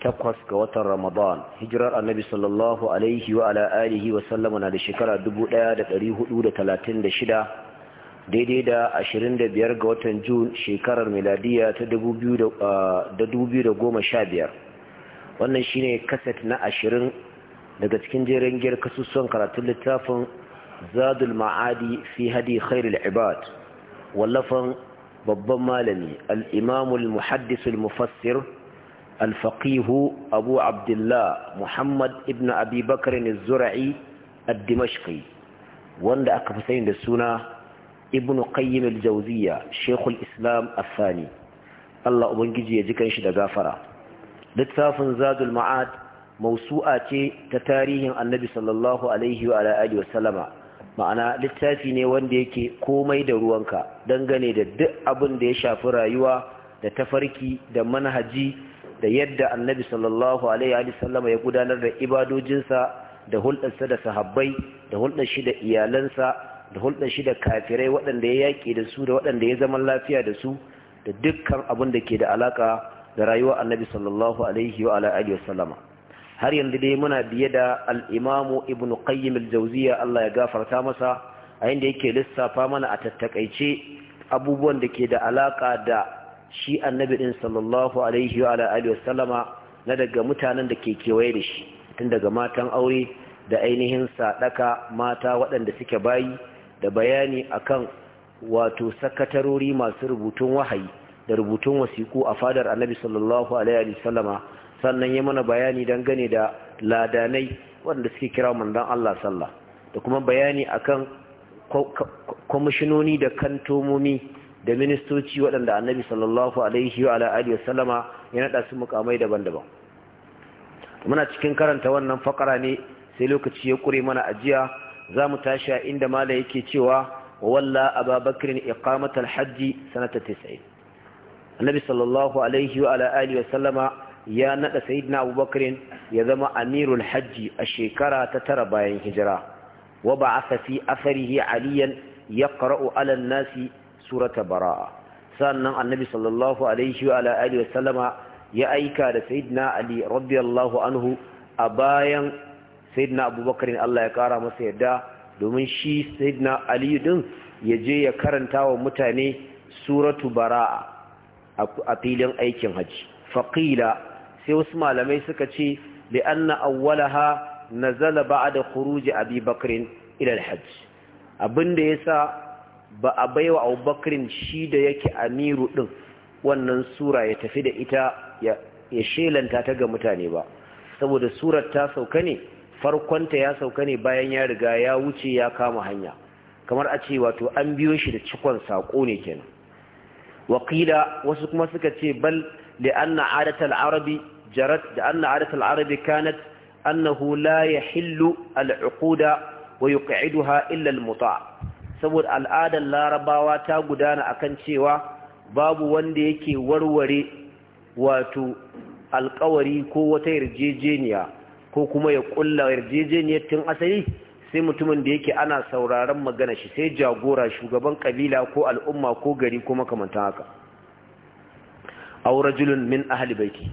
takwas ga watan Ramadan hijirar annabi sallallahu alaihi wa ala alihi wa sallama na da shekara 1436 daidai da 25 ga watan Jun shekarar miladiya ta 2015 wannan shine kaset na 20 daga cikin jerin giyar kasusuwan karatun littafin Zadul Ma'adi fi hadi khairul ibad wallafan babban malami al-imamul muhaddisul mufassir الفقيه أبو عبد الله محمد ابن أبي بكر الزرعي الدمشقي وند أكفسين السنة ابن قيم الجوزية شيخ الإسلام الثاني الله أبنجي يجيك إنشد غافرة لتساف زاد المعاد موسوعة تتاريه النبي صلى الله عليه وعلى آله وسلم ma'ana littafi ne wanda yake komai da ruwanka dangane da duk abin da ya shafi rayuwa da tafarki da manhaji da yadda annabi sallallahu alaihi sallama ya gudanar da ibadojinsa da hulɗarsa da sahabbai da hulɗar shi da iyalansa da hulɗar shi da kafirai waɗanda ya yaƙi da su da waɗanda ya zama lafiya da su da dukkan abin da ke da alaƙa da rayuwar annabi sallallahu alaihi wa alihi wasallama har yanzu dai muna biye da al'imamu imamu ibnu qayyim al-jawziya Allah ya gafarta masa a inda yake lissafa mana a tattakaice abubuwan da ke da alaƙa da shi annabi ɗin sallallahu alaihi wa wasallama na daga mutanen da ke kewaye da shi tun daga matan aure da ainihin sadaka mata waɗanda suke bayi da bayani akan wato sakatarori masu rubutun wahayi da rubutun wasiku a fadar annabi sallallahu alaihi wasallama sannan ya mana bayani dangane da ladanai waɗanda suke kira mandan Allah sallah da kuma bayani akan kwamishinoni da kantomomi da ministoci waɗanda annabi sallallahu alaihi wa wasallama ya nada su mukamai daban-daban muna cikin karanta wannan fakara ne sai lokaci ya ƙure mana ajiya za mu tashi a inda mala yake cewa walla ababakrin iqamatal hajji sanata 90 annabi sallallahu alaihi wa wasallama ya nada sayyidina abubakrin ya zama amirul hajji a shekara ta tara bayan hijira wa ba'atha fi atharihi aliyan ya 'ala an-nasi surata bara'a sannan annabi sallallahu alaihi wa ala ya aika da sayyidina ali radiyallahu anhu a bayan sayyidina abubakar Allah ya kara masa yadda domin shi sayyidina ali ya je ya karanta wa mutane suratu bara'a a filin aikin hajji. faqila sai wasu malamai suka ce li anna awwalaha nazala ba'da khuruj abi bakr ila al hajji. abinda ya sa. ba a baiwa abubakarin shi da yake amiru ɗin wannan sura ya tafi da ita ya shelanta ta ga mutane ba saboda surar ta sauka ne farkonta ya sauka ne bayan ya riga ya wuce ya kama hanya kamar a ce wato an biyo shi da cikon saƙo ne kenan waƙila wasu kuma suka ce bal da an na adatar arabi jarat da an na adatar arabi kanat annahu la ya hillu al'uquda wa yuqiduha illa al-muta' saboda al'adar larabawa ta gudana a kan cewa babu wanda yake warware wato alkawari ko wata yarjejeniya ko kuma ya kulla yarjejeniyar tun asali sai mutumin da yake ana sauraron magana shi sai jagora shugaban kabila ko al'umma ko gari ko makamantan haka aw rajulun min ahli baiti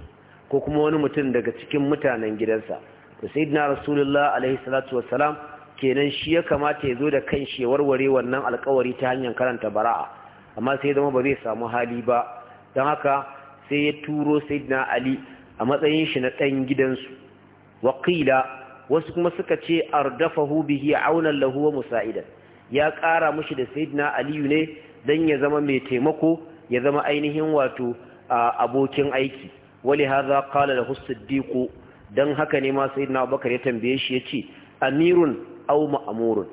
ko kuma wani mutum daga cikin mutanen gidansa to sayyidina rasulullah alaihi salatu wassalam kenan shi ya kamata ya zo da kan shi warware wannan alkawari ta hanyar karanta bara'a amma sai zama ba zai samu hali ba don haka sai ya turo sayyidina ali a matsayin shi na ɗan gidansu wakila wasu kuma suka ce dafa ardafahu bihi aunan lahu wa musa'idan ya ƙara mushi da sayyidina aliyu ne don ya zama mai taimako ya zama ainihin wato abokin aiki wali haza qala lahu siddiqu dan haka ne ma sayyidina abubakar ya tambaye shi ya ce, amirun aw ma'murun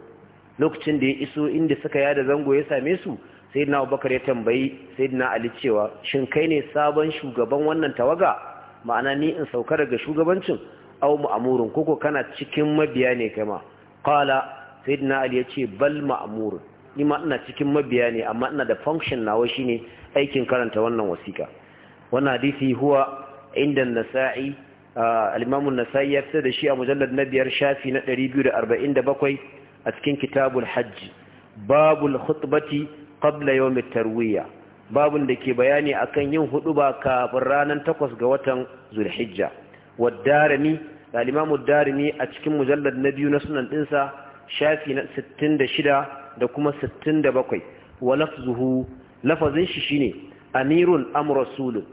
lokacin da ya iso inda suka yada zango ya same su sayyidina Abubakar ya tambayi sayyidina Ali cewa shin kai ne sabon shugaban wannan tawaga ma'ana ni in sauka daga shugabancin aw ma'murun koko kana cikin mabiya ne kai ma qala sayyidina Ali yace bal ma'murun ni ma ina cikin mabiya ne amma ina da function nawa shine aikin karanta wannan wasika wannan hadisi huwa inda nasa'i al-imamun nasai ya fita da shi a mujallar na biyar shafi na 247 a cikin kitabul hajji babul khutbati qabla yawm tarwiya babun da ke bayani akan yin huduba kafin ranar takwas ga watan zulhijja wadarimi da al darimi a cikin mujallar na biyu na sunan dinsa shafi na 66 da kuma 67 wa lafzuhu lafazin shi shine amirun am rasulun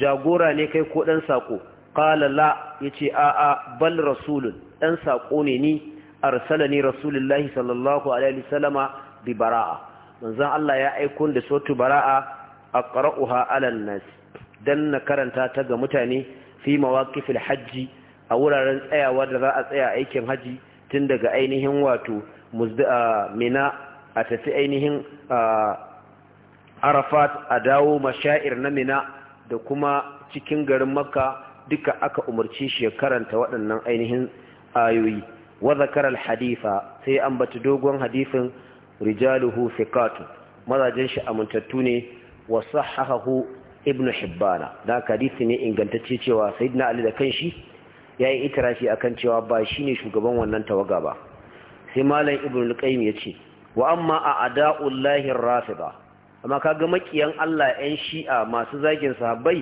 jagora ne kai ko ɗan sako Falala la yace a'a a bal rasulun ɗan saƙo ne ni arsalani rasulullahi sallallahu alaihi wasallama bi bara'a manzon Allah ya aiko da sotu bara'a aqra'uha ala nas dan na karanta ta ga mutane fi mawaqifil hajji a wuraren tsayawa da za a tsaya aikin hajji tun daga ainihin wato mina a tafi ainihin arafat a dawo mashair na mina da kuma cikin garin makka duka aka umarci shi ya karanta waɗannan ainihin ayoyi wa zakaral sai sai bata dogon hadifin rijaluhu fiqatu mazajin shi amintattu ne wa sahahahu ibnu hibbana da hadisi ne ingantacce cewa sayyidina ali da kanshi yayi itirafi akan cewa ba shine shugaban wannan tawaga ba sai malam ibnu al-qayyim yace wa amma a ada'ullahi rafida amma kaga makiyan Allah 'yan shi'a masu zagin sahabbai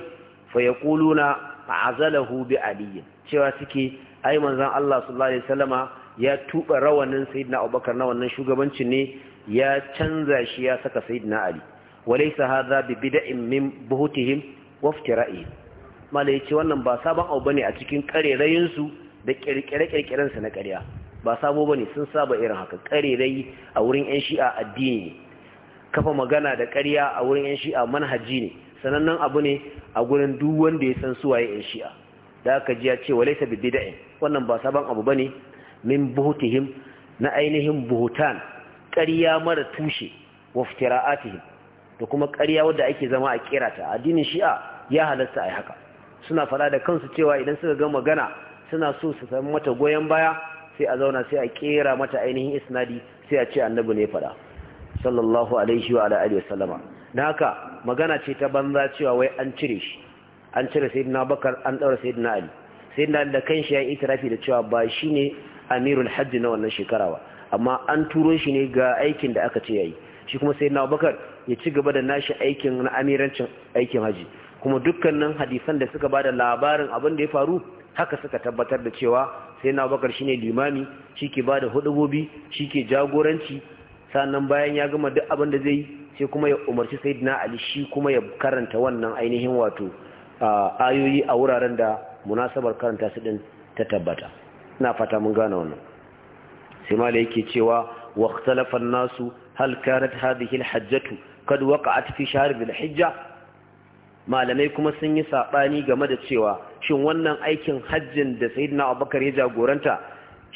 fa yaquluna fa'azalahu bi Aliyu. cewa suke ai manzon Allah sallallahu alaihi wasallama ya tuɓa rawanin sayyidina Abubakar na wannan shugabancin ne ya canza shi ya saka sayyidina Ali walaysa hadha bi bid'in min buhutihim wa iftira'ihim malai ce, wannan ba sabon abu bane a cikin karerayin su da kirkire-kirkiren su na ƙarya ba sabo bane sun saba irin haka karerayi a wurin yan shi'a addini kafa magana da ƙarya a wurin yan shi'a manhaji ne sanannen abu ne a gurin duk wanda ya san suwaye in shi'a da aka ji ya ce wa laisa bi bid'in wannan ba sabon abu ba ne? min buhutihim na ainihin buhutan ƙarya mara tushe wa iftira'atihim da kuma ƙarya wadda ake zama a ta addinin shi'a ya halatta ai haka suna fada da kansu cewa idan suka ga magana suna so su sami mata goyon baya sai a zauna sai a kera mata ainihin isnadi sai a ce annabi ne fada sallallahu alaihi wa alihi wa sallama na haka magana ce ta banza cewa wai an cire shi an cire na bakar an daura na ali sai na da kanshi ya itirafi da cewa ba shi ne amirul hajji na wannan shekara ba amma an turo shi ne ga aikin da aka ce yayi shi kuma na bakar ya ci gaba da nashi aikin na amirancin aikin haji kuma dukkanin hadisan da suka bada labarin abin da ya faru haka suka tabbatar da cewa sai na bakar shine limami shi ke bada hudubobi shi ke jagoranci sannan bayan ya gama duk abin da zai sai kuma ya umarci sayyidina ali shi kuma ya karanta wannan ainihin wato ayoyi a wuraren da munasabar karanta su din ta tabbata ina fata mun gane wannan sai mala yake cewa wa ikhtalafa nasu hal kanat hadhihi al-hajjatu kad waqa'at fi shahr dhil-hijja malamai kuma sun yi sabani game da cewa shin wannan aikin hajjin da sayyidina abubakar ya jagoranta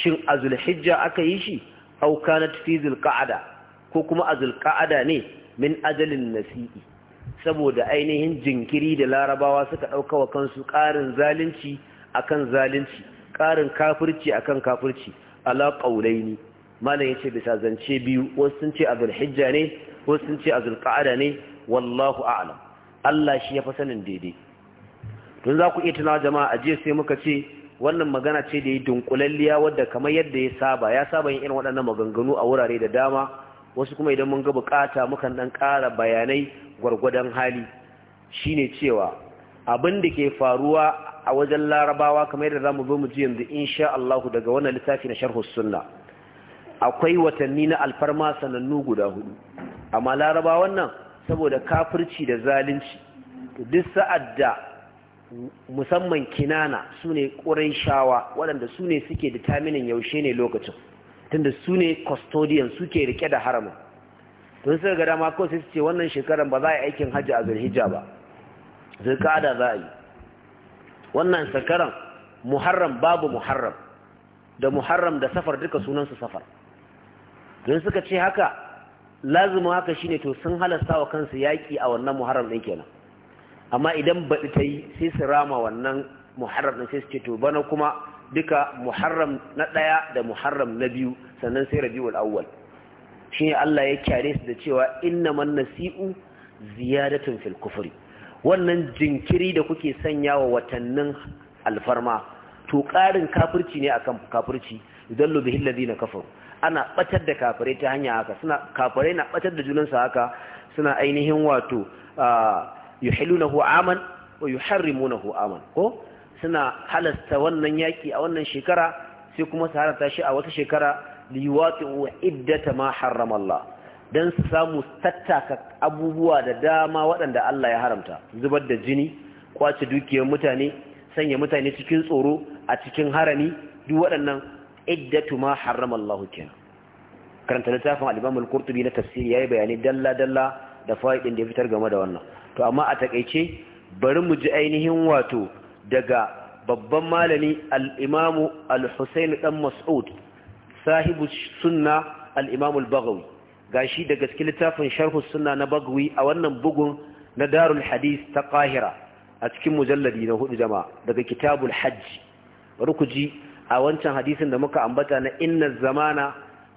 shin azul hijja aka yi shi aw kanat fi zulqa'ada ko kuma azul qa'ada ne min ajalin nasi'i saboda ainihin jinkiri da larabawa suka ɗauka wa kansu ƙarin zalunci akan zalunci ƙarin kafirci akan kafirci ala ne. malam ya ce bisa zance biyu wasu sun ce a hijja ne wasu sun ce a ne wallahu a'lam Allah shi ya fi sanin daidai don za ku iya tunawa jama'a a jiya sai muka ce wannan magana ce da ya dunkulalliya wadda kamar yadda ya saba ya saba yin irin waɗannan maganganu a wurare da dama wasu kuma idan mun ga bukata mukan dan ƙara bayanai gwargwadon hali shine cewa abin da ke faruwa a wajen larabawa kamar yadda zamu zo mu ji yanzu insha Allah daga wannan littafi na sharhus sunna akwai watanni na alfarma sanannu guda hudu amma larabawa wannan saboda kafirci da zalunci duk sa'ad da musamman kinana sune ƙurai shawa waɗanda sune suke da taminin yaushe ne lokacin tunda su ne custodian suke rike da haramun. tun sai ga dama kawai sai su ce wannan shekarar ba za a yi aikin hajji a zulhijja ba zulkada za a yi wannan shekarar muharram babu muharram da muharram da safar duka sunansu safar don suka ce haka lazuma haka shine to sun halasta wa kansu yaki a wannan muharram din kenan amma idan baɗi ta yi sai su rama wannan muharram din sai su ce to bana kuma duka muharram na ɗaya da muharram na biyu sannan sai rabiul awwal shi Allah ya kyare su da cewa inna man nasi'u ziyadatun fil kufri wannan jinkiri da kuke sanya wa watannin alfarma to ƙarin kafirci ne akan kafirci dallu bihi alladhina kafaru ana batar da kafirai ta hanya haka suna kafirai na batar da junansu haka suna ainihin wato ah, yuhilunahu aman wa yuharrimunahu aman ko suna halasta wannan yaki a wannan shekara sai kuma su halarta shi a wata shekara liwaƙi wa iddata ma haram Allah don su samu tattaka abubuwa da dama waɗanda Allah ya haramta zubar da jini kwace dukiyar mutane sanya mutane cikin tsoro a cikin harami duk waɗannan iddatu ma haram Allah kenan karanta littafin alibamul kurtubi na tafsiri yayi bayani dalla dalla da faidin da ya fitar game da wannan to amma a takaice bari mu ji ainihin wato daga babban malami al'imamu al-husaini ɗan mas'ud sahibu sunna al'imamul al-bagawi ga shi da gaske littafin sharhu suna na bagawi a wannan bugun na darul hadis ta ƙahira a cikin mujalladi na hudu jama'a daga kitabul hajji bari ji a wancan hadisin da muka ambata na inna zamana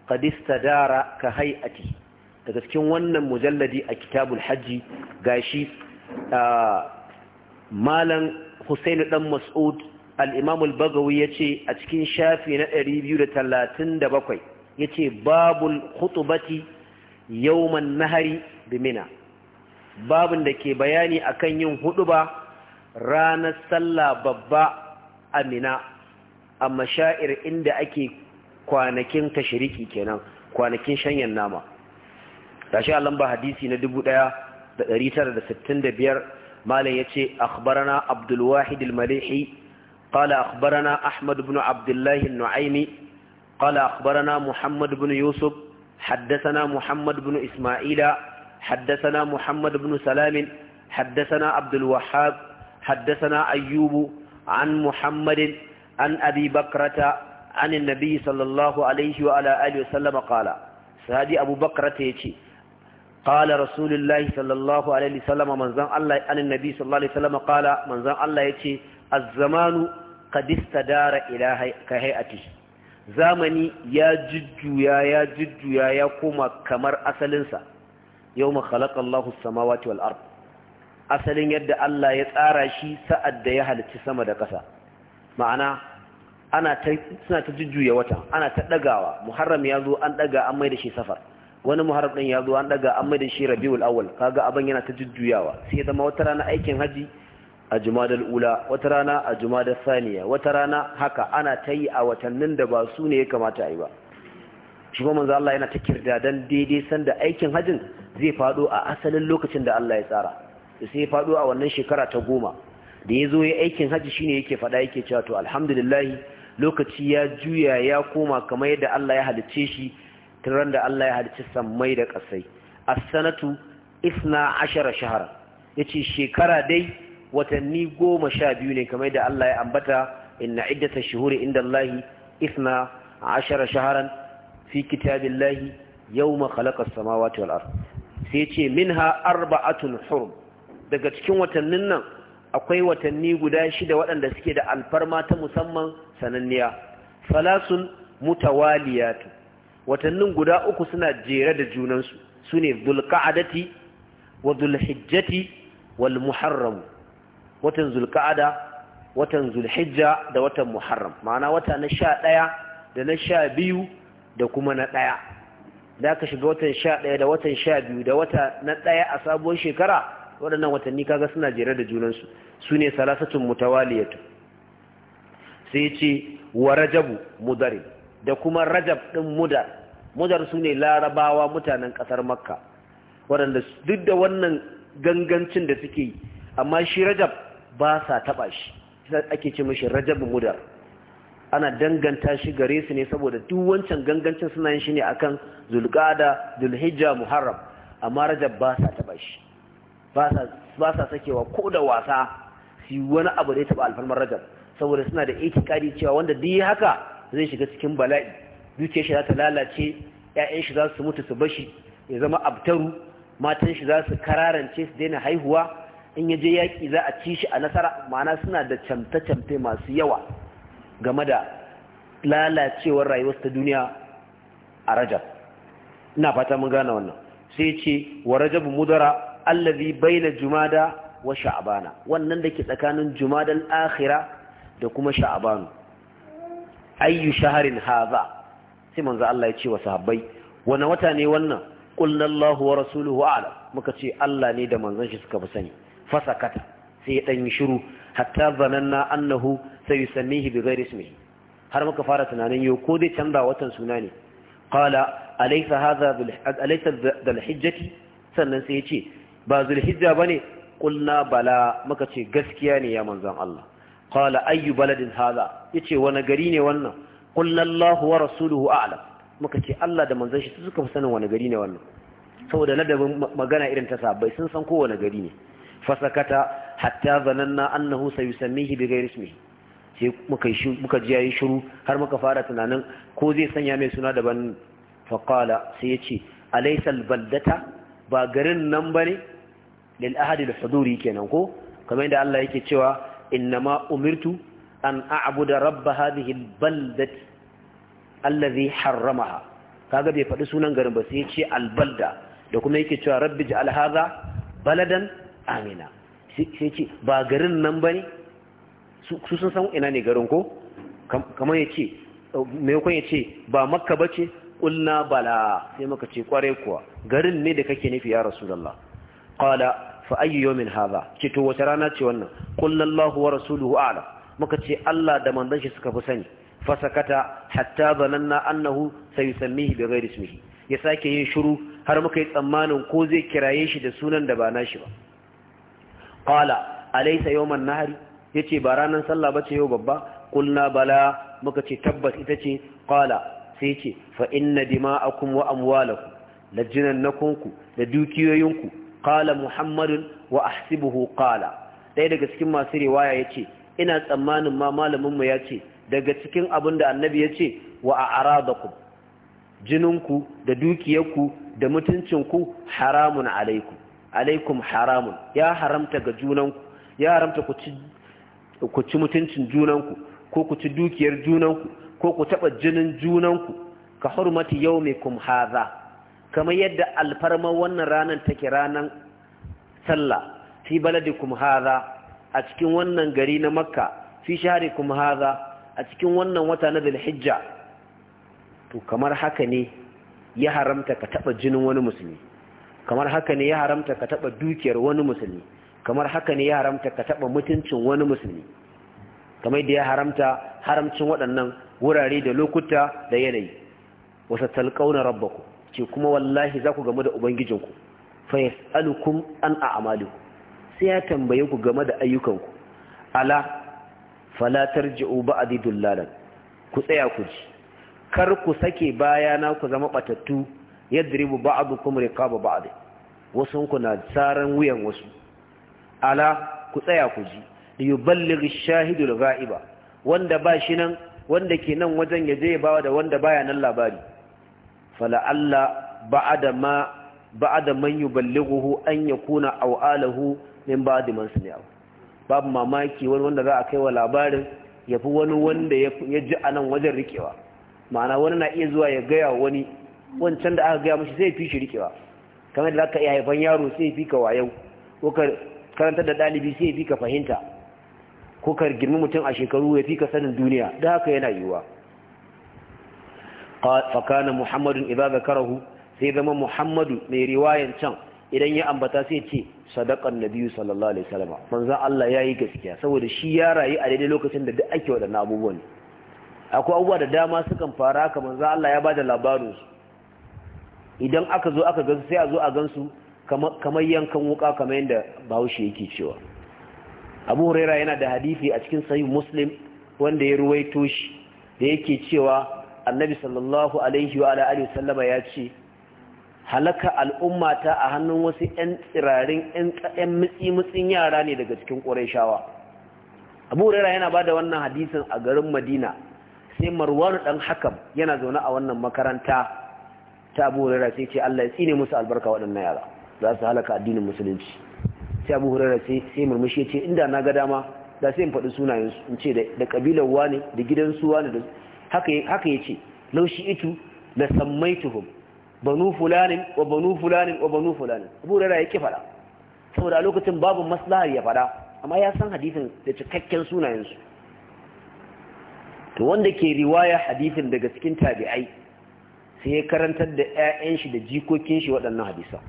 qadista dara ka hay'ati daga cikin wannan mujalladi a kitabul hajji gashi ah, malam Hussein dan mas'ud al-imam al-bagawi yace a cikin shafi na 237 yace babul khutbati yawman nahari bi mina babun da ke bayani akan yin huduba ranar sallah babba a mina a mashair inda ake kwanakin tashiriki kenan kwanakin shanyan nama tashi Allah lamba hadisi na 1965 malam yace akhbarana abdul wahid al malihi qala akhbarana ahmad ibn abdullah al nuaimi qala akhbarana muhammad ibn yusuf حدثنا محمد بن إسماعيل حدثنا محمد بن سلام حدثنا عبد الوهاب حدثنا أيوب عن محمد عن أبي بكرة عن النبي صلى الله عليه وعلى آله وسلم قال سادي أبو بكرة يتي قال رسول الله صلى الله عليه وسلم من زن الله عن النبي صلى الله عليه وسلم قال من الله يتي الزمان قد استدار إلى كهيئته zamani ya jujjuya ya jujjuya ya koma kamar asalinsa yau ma khalaqallahu samawati wal ard asalin yadda Allah ya tsara shi sa'ad da ya halicci sama da ƙasa ma'ana suna ta jujjuya wata ana ta ɗagawa. muharram ya zo an ɗaga, an mai da shi safar wani muharram din ya zo an daga an mai da shi rabiul awwal kaga abin yana ta jujjuyawa sai ya zama wata rana aikin haji a jumadar ula wata rana a jumadar saniya wata rana haka ana ta yi a watannin da ba su ne ya kamata a yi ba shi kuma manzo Allah yana ta dan daidai sanda aikin hajin zai fado a asalin lokacin da Allah ya tsara sai ya fado a wannan shekara ta goma da ya zo ya aikin haji shine yake fada yake cewa to alhamdulillah lokaci ya juya ya koma kamar yadda Allah ya halicce shi tun da Allah ya halicci sammai da ƙasai a sanatu isna ashara shahara yace shekara dai watanni goma sha biyu ne kamar da Allah ya ambata inna iddata shahuri inda Allah isna ashara shaharan fi kitabillahi yau khalaqa as-samawati wal ard sai yace minha arba'atun hurum daga cikin watannin nan akwai watanni guda shida waɗanda suke da alfarma ta musamman sananniya salasun mutawaliyatu watannin guda uku suna jere da junansu su ne zulka'adati wa zulhijjati wal muharram watan zulka'ada watan zulhijja da watan muharram ma'ana wata na sha ɗaya da na sha biyu da kuma na ɗaya da aka shiga watan sha ɗaya da watan sha biyu da wata na ɗaya a sabuwar shekara waɗannan watanni kaga suna jere da junansu su ne salasatun mutawaliyatu sai ce wa rajabu mudarib da kuma rajab ɗin mudar mudar su ne larabawa mutanen ƙasar makka waɗanda duk da wannan gangancin da suke yi amma shi rajab ba sa taɓa shi ake ce mashi rajab mudar ana danganta shi gare su ne saboda duk wancan gangancin suna yin shi ne akan zulqada zulhijja muharram amma rajab ba sa taɓa shi ba sa sakewa ko da wasa su wani abu da ya taɓa alfarmar rajab saboda suna da itikadi cewa wanda duk haka zai shiga cikin bala'i dukiyar shi za ta lalace 'ya'yan shi za su mutu su bashi ya zama abtaru matan shi za su kararance su daina haihuwa in ya je yaƙi za a ci shi a nasara ma'ana suna da camfe-camfe masu yawa game da lalacewar rayuwar ta duniya a rajab ina fata mun gane wannan sai ce wa rajab mudara allazi baina jumada wa sha'bana wannan da ke tsakanin jumadal akhira da kuma sha'banu ayyu shaharin haza sai manzo Allah ya ce wa sahabbai wani wata ne wannan qulna Allahu wa rasuluhu a'lam muka ce Allah ne da manzon shi suka fi sani fasakata sai ya dan yi shiru hatta zananna annahu sayusammihi bighairi ismihi har muka fara tunanin yau ko dai canza watan suna ne qala alaysa hadha alaysa dhul hijjati sannan sai ya ce ba dhul hijja bane qulna bala muka ce gaskiya ne ya manzon Allah qala ayyu baladin hadha yace wani gari ne wannan qulna Allahu wa rasuluhu a'lam muka ce Allah da manzon shi suka fi sanin wani gari ne wannan saboda ladabin magana irin ta sahabbai sun san kowane gari ne fasakata hatta zananna annahu sayusammihi bighairi ismihi sai muka ji yayi shiru har muka fara tunanin ko zai sanya mai suna da ban qala sai yace alaysa albaldata ba garin nan bane lil ahadi al-huduri kenan ko kamar da Allah yake cewa innama umirtu an a'budu rabb hadhihi albaldati allazi harramaha kaga bai faɗi sunan garin ba sai ya ce albalda da kuma yake cewa rabbi ji alhaza baladan amina sai ce ba garin nan bane su sun san ina ne garin ko kamar ya ce maimakon ya ce ba makka ba ce ƙulna bala sai maka ce ƙwarai kuwa garin ne da kake nufi ya rasulallah ƙwada fa ayyu yawmin hadha ce to wace rana ce wannan qul wa rasuluhu ala. muka ce Allah da manzon shi suka fi sani fa sakata hatta zananna annahu sayusammihi bi ismihi ya sake yin shiru har muka yi tsammanin ko zai kiraye shi da sunan da ba nashi ba qala alaysa yawman nahari yace ba ranan sallah bace yau babba kulna bala muka ce tabbas ita ce qala sai ce fa inna dima'akum wa amwalakum lajinannakunku da dukiyoyinku qala muhammadun wa ahsibuhu qala ɗaya daga cikin masu riwaya yace ina tsammanin ma malamin mu yace daga cikin abin da annabi yace wa a'radakum jininku da dukiyarku da mutuncinku haramun alaikum alaikum haramun ya haramta ga junanku ya haramta ku ci ku ci mutuncin junanku ko ku ci dukiyar junanku ko ku taba jinin junanku ka hurmati yaumikum hadha kamar yadda alfarma wannan ranar take ranar sallah fi baladikum hadha a cikin wannan gari na makka fi shaharikum hadha a cikin wannan wata na dhulhijja to kamar haka ne ya haramta ka taba jinin wani musulmi kamar haka ne ya haramta ka taba dukiyar wani musulmi kamar haka ne ya haramta ka taba mutuncin wani musulmi kamar yadda ya haramta haramcin waɗannan wurare da lokuta da yanayi wasa talqauna rabbakum ce kuma wallahi za ku game da ubangijinku fa yas'alukum an Amaliku. sai ya tambaye ku game da ayyukanku ala fala tarji'u ba'di dullalan ku tsaya ku ji kar ku sake bayana ku zama batattu yadribu ba'dukum riqaba ba'd wasu ku na tsaran wuyan wasu ala ku tsaya ku ji li yuballighi ash-shahidu al-ghaiba wanda ba shi nan wanda ke nan wajen ya ya bawa da wanda baya nan labari fala'alla ba'ada ma ba'ada man yuballighuhu an yakuna aw alahu min ba'di man sami'a babu mamaki wani wanda za a kai wa labarin yafi wani wanda ya ji a nan wajen rikewa ma'ana wani na iya zuwa ya gaya wani wancan da aka gaya mashi sai fi shi rikewa kamar da zaka iya haifan yaro sai fi ka wayau ko ka karantar da dalibi sai fi ka fahimta ko ka girmi mutum a shekaru ya fi ka sanin duniya da haka yana yiwuwa fakana muhammadun ka zakarahu sai zama muhammadu mai riwayan can idan ya ambata sai ce sadaqan nabiyyu sallallahu alaihi wasallam manzon Allah yayi gaskiya saboda shi ya rayu a daidai lokacin da duk ake wadannan abubuwan akwai abubuwa da dama sukan fara haka manzon Allah ya bada labarin su idan aka zo aka gansu sai a zo a gansu kamar yankan wuka kamar yadda bahaushe yake cewa abu huraira yana da hadisi a cikin sahih muslim wanda ya ruwaito shi da yake cewa annabi sallallahu alaihi wa alihi sallama ya ce halaka al'ummata a hannun wasu 'yan tsirarin 'yan mutsi-mutsin yara ne daga cikin ƙorashawa abu rera yana ba da wannan hadisin a garin madina sai marwanu ɗan hakan yana zaune a wannan makaranta ta abu rera sai ce allah ya tsine musu albarka waɗannan yara za su halaka addinin musulunci sai abu rera sai murmushi ya ce inda na ga dama da sai in faɗi sunayensu in ce da ƙabilar wane da gidansu wane haka ya ce laushi itu da sammai tuhum banu fulanin wa banu fulanin wa banu fulanin Abu Hurairah yake fada saboda da lokacin babu maslahar ya fada amma ya san hadisin da cikakken sunayensu. to wanda ke riwaya hadisin daga cikin tabi'ai sai ya karantar da 'ya'yan shi da jikokin shi waɗannan hadisa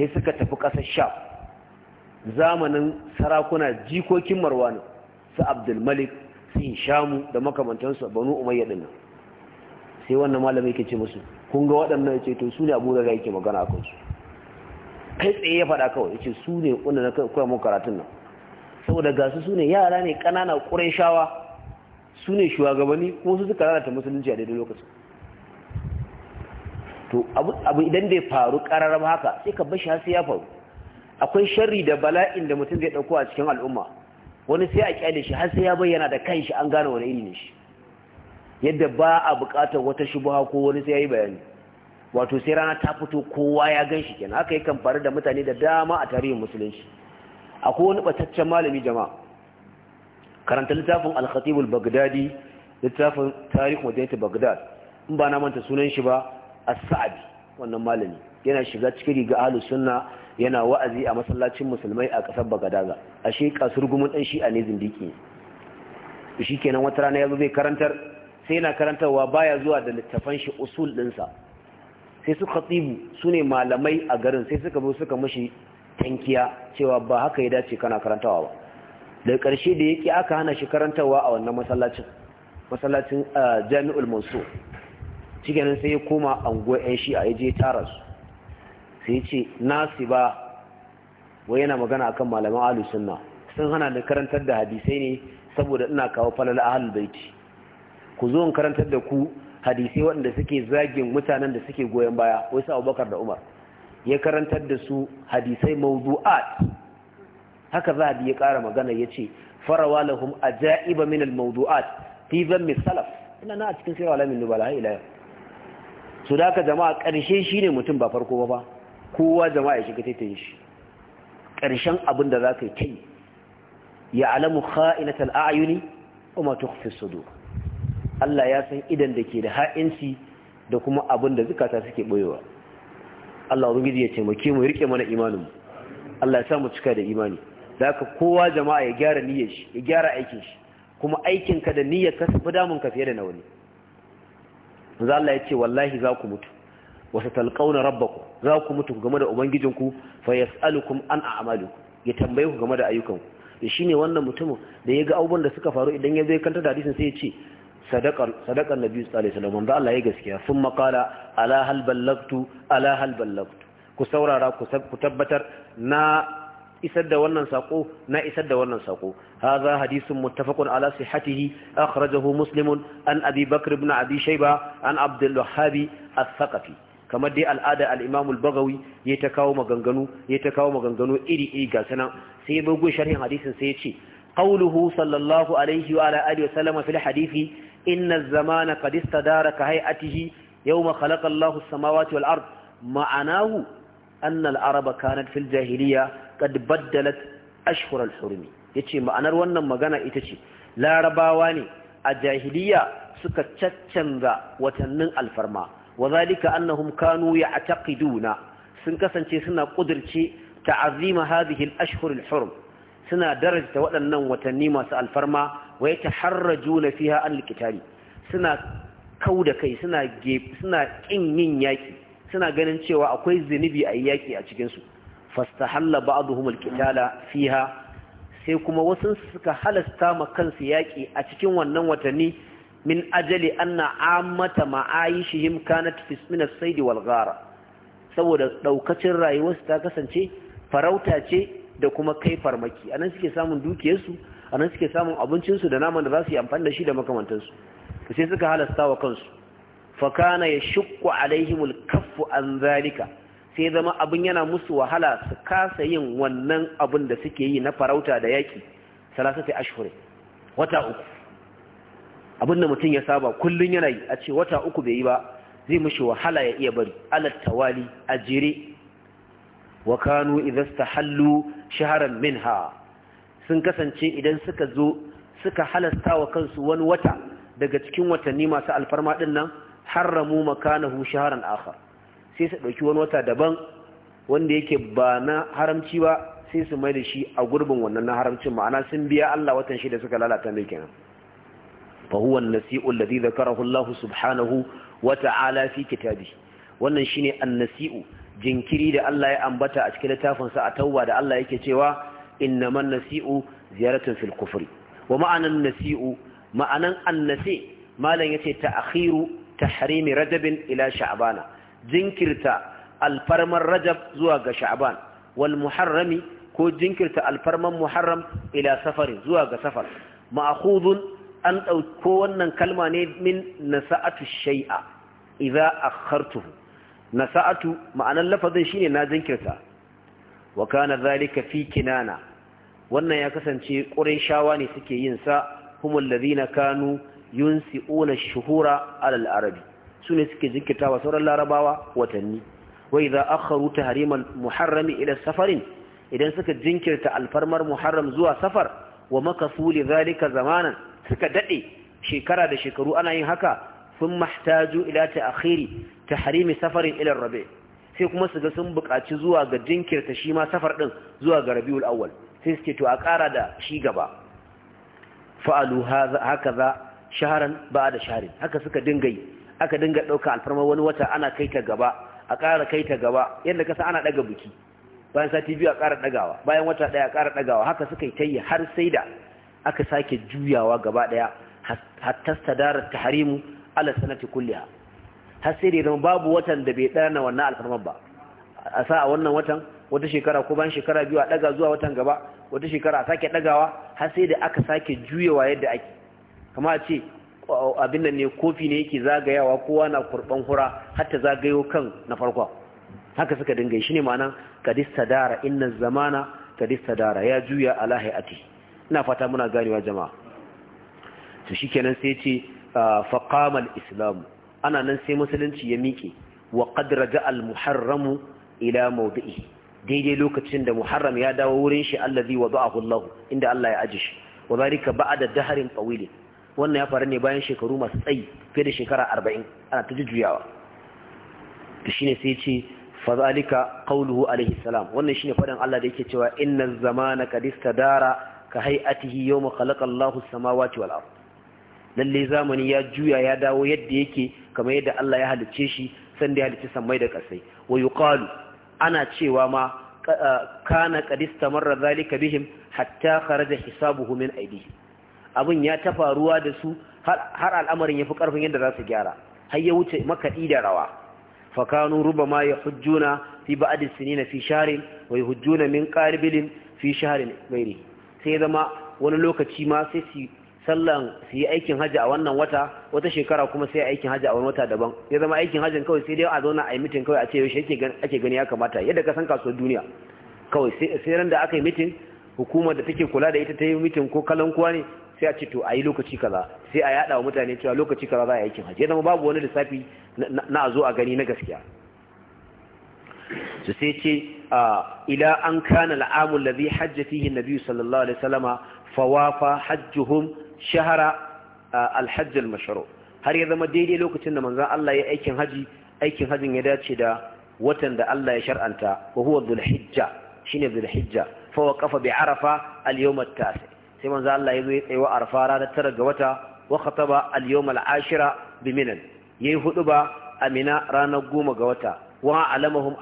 sai suka tafi ƙasar sha zamanin sarakuna jikokin marwanu su abdulmalik su shamu da makamantansu banu umayya din nan sai wannan malamai yake ce musu kun ga waɗannan ya ce to su ne abu da yake magana akan su kai tsaye ya faɗa kawai ya ce su ne wanda na koya mun karatun nan saboda gasu su ne yara ne ƙanana ƙurai shawa su ne shugabanni kuma su suka lalata musulunci a daidai lokacin to abu idan bai faru ƙararraba haka sai ka bashi sai ya faru akwai sharri da bala'in da mutum zai ɗauko a cikin al'umma wani sai a kyale shi har sai ya bayyana da kanshi an gane wani ilimin shi yadda ba a buƙatar wata shubuha ko wani sai ya yi bayani wato sai rana ta fito kowa ya gan shi kenan haka yakan faru da mutane da dama a tarihin musulunci akwai wani bataccen malami jama'a karanta littafin al Bagdadi, al-baghdadi littafin tarikh madinat baghdad in ba na manta sunan shi ba as-sa'di wannan malami yana shiga cikin riga ahlus sunna yana wa'azi a masallacin musulmai a kasar bagadaza ashe kasur gumun dan shi'a ne zindiki kenan, wata rana yazo zai karantar sai yana karantarwa baya zuwa da littafan shi usul dinsa sai su khatibu sune malamai a garin sai suka zo suka mishi tankiya cewa ba haka ya dace kana karantawa ba da karshe da yake aka hana shi karantarwa a wannan masallacin masallacin ah, jami'ul mansur cikin sai ya koma anguwa 'yan shi'a ya je tara su sai ce ba wai yana magana akan malaman ahlus sunna sun hana ni karantar da hadisai ne saboda ina kawo falal ahlul baiti ku zo in karantar da ku hadisai waɗanda suke zagin mutanen da suke goyon baya wai wasu abubakar da umar ya karantar da su hadisai mawdu'at haka za zahabi ya ƙara magana ya ce farawa lahum ajaiba min al fi dhammi salaf ina na a cikin sirra lamin nubala ila yau su da haka jama'a ƙarshe shine mutum ba farko ba ba kowa jama'a ya shiga taitayin shi ƙarshen abin da za ka yi ta yi ya alamu kha'inat al'ayuni kuma ta tukhfi Allah ya san idan da ke da ha'inci da kuma abin da zukata suke ɓoyewa Allah gizi ya maki mu rike mana imanin Allah ya sa cika da imani ka kowa jama'a ya gyara niyyar shi ya gyara aikin shi kuma aikinka da niyyar ka su damun ka fiye da na wani za Allah ya ce wallahi za ku mutu wasu talƙauna rabbaku za ku mutu game da ubangijinku fa yas'alukum an a'malikum ya tambaye ku game da ayyukanku da shine wannan mutumin da ya ga abubuwan da suka faru idan ya zai kanta da hadisin sai ya ce sadaqan sadaqan nabi sallallahu alaihi wasallam Allah ya gaskiya sun makala ala hal ballagtu ala hal ballagtu ku saurara ku tabbatar na isar da wannan sako na isar da wannan sako hadha hadithun muttafaqun ala sihhatihi akhrajahu muslimun an abi bakr ibn abi shayba an abdul wahhabi al-thaqafi kamar dai al'ada al bagawi ya ta kawo maganganu ya ta kawo maganganu iri iri ga sanan sai ya bugu sharhin hadisin sai ya ce qawluhu sallallahu alaihi wa ala alihi wa sallama fil hadisi inna az-zamana qad istadara ka hay'atihi yawma khalaqa Allahu as-samawati wal ard ma'anahu anna al-araba kanat fil jahiliya qad baddalat ashhur al yace ma'anar wannan magana ita ce larabawa ne a jahiliya suka caccanza watannin alfarma wa Kanu annahum kanu ya'taqiduna sun kasance suna kudirce ta'azima hadhihi al-ashhur al-hurum suna darajta waɗannan watanni masu alfarma wa yataharrajuna fiha al-qitali suna kauda kai suna suna kin yin yaki suna ganin cewa akwai zunubi a yaki a cikin su fastahalla ba'dhum al-qitala fiha sai kuma wasu suka halasta ma kansu yaki a cikin wannan watanni min ajali anna amata ma'ayishihim kanat fi min as-sayd wal ghara saboda daukacin rayuwarsu ta kasance farauta ce da kuma kai farmaki anan suke samun dukiyarsu anan suke samun abincinsu da naman da zasu su yi amfani da shi da makamantansu sai suka halasta wa kansu fakana ya shukku alaihimul kaffu an zalika sai zama abin yana musu wahala su kasa yin wannan abin da suke yi na farauta da yaki salasati ashhur wata uku abinda mutum ya saba kullum yana yi a ce wata uku bai yi ba zai mushi wahala ya iya bari alat tawali a jere wa kanu idan hallu shaharan minha sun kasance idan suka zo suka halasta wa kansu wani wata daga cikin watanni masu alfarma din nan haramu makanahu shaharan akhar sai su ɗauki wani wata daban wanda yake ba na haramci ba sai su mai da shi a gurbin wannan na haramcin ma'ana sun biya Allah watan shi da suka lalata mai kenan فهو النسيء الذي ذكره الله سبحانه وتعالى في كتابه wannan shine annasi'u jinkiri da Allah ya ambata a cikin littafin sa a tawwa da Allah yake cewa innaman nasi'u ziyaratun fil kufri wa ma'anan nasi'u ma'anan annasi malan yace ta'khiru tahrimi rajabin ila sha'bana jinkirta alfarman rajab zuwa ga sha'ban wal muharrami ko jinkirta alfarman muharram ila safari zuwa ga safar ma'khudun an ɗauko wannan kalma ne min nasa'atu shay'a kartu akhartuhu nasa'atu ma'anar lafazin shine na jinkirta wa kana zalika fi kinana wannan ya kasance qurayshawa ne suke yin sa humul ladina kanu shuhura alal arabi sune suke jinkirta wa sauran larabawa watanni wa idza akharu harimar muharrami idan safarin idan suka jinkirta alfarmar muharram zuwa safar wa makasuli li zalika zamanan suka daɗe shekara da shekaru ana yin haka sun mahtaju ila ta akhiri ta harimi safarin ilar rabi sai kuma su ga sun buƙaci zuwa ga jinkirta shi ma safar ɗin zuwa ga rabiul awwal sai suke to a ƙara da shi gaba fa'alu haka za shaharan ba da shaharin haka suka dinga yi aka dinga dauka alfarma wani wata ana kai ta gaba a ƙara kai ta gaba yadda kasa ana daga buki bayan sati biyu a ƙara ɗagawa bayan wata ɗaya a ƙara ɗagawa haka suka yi tayi har sai da aka sake juyawa gaba daya hatta stadarar tahrimu ala sanati kulliha har sai da zama babu watan da bai dana wannan alfarman ba a sa a wannan watan wata shekara ko ban shekara biyu a daga zuwa watan gaba wata shekara a sake dagawa har sai da aka sake juyawa yadda ake kama a ce abin nan ne kofi ne yake zagayawa kowa na kurban hura har ta zagayo kan na farko haka suka dinga shi ne ma'anan kadis dara inna zamana kadis dara ya juya ala hayati ina fata muna ganewa jama'a to shikenan sai ce ah, faqama al-islam ana nan sai musulunci ya miƙe wa qad raja al-muharram ila mawdi'i daidai lokacin da muharram ya dawo wurin shi allazi wada'ahu Allah inda Allah ya aje shi wa zalika ba'da dahrin tawil wannan ya faru ne bayan shekaru masu tsayi fiye da shekara 40 ana ta jujjuyawa to shine sai ce fa zalika qawluhu alayhi salam wannan shine fadan Allah da yake cewa inna zamana qad istadara ka hay'atihi yawma khalaqa Allahu samawati wal ard lalle zamani ya juya ya dawo yadda yake kamar yadda Allah ya halicce shi san da ya halicci samai da kasai wa yuqalu ana cewa ma kana qad istamarra zalika bihim hatta da hisabu min aydihim abin ya tafa ruwa da su har al'amarin ya fi ƙarfin yadda za su gyara har ya wuce makaɗi da rawa fakanu ma ya hujjuna fi ba'ad sinina fi sharin wa hujjuna min qaribilin fi sharin ghairihi sai zama wani lokaci ma sai su sallan su yi aikin hajji a wannan wata wata shekara kuma sai aikin hajji a wani wata daban ya zama aikin hajjin kawai sai dai a zauna a yi mitin kawai a ce yaushe ake gani ya kamata yadda ka san kasuwar duniya kawai sai ran aka yi mitin hukumar da take kula da ita ta yi mitin ko kalan kuwa ne sai a ce to a yi lokaci kaza sai a yada wa mutane cewa lokaci kaza za a yi aikin hajji ya zama babu wani lissafi na a zo a gani na gaskiya su sai ce ila an kana al'amul ladhi hajja nabi sallallahu alaihi wasallama fawafa hajjuhum shahara alhajjal hajj mashru har ya zama daidai lokacin da manzon Allah ya aikin haji aikin hajin ya dace da watan da Allah ya shar'anta wa huwa dhulhijja shine dhulhijja fa kafa bi arafa al-yawm at-tasi sai manzo Allah ya zo ya tsaye wa arafa ranar tara ga wata wa khataba al-yawm al-ashira bi minan yayi huduba amina ranar goma ga wata wa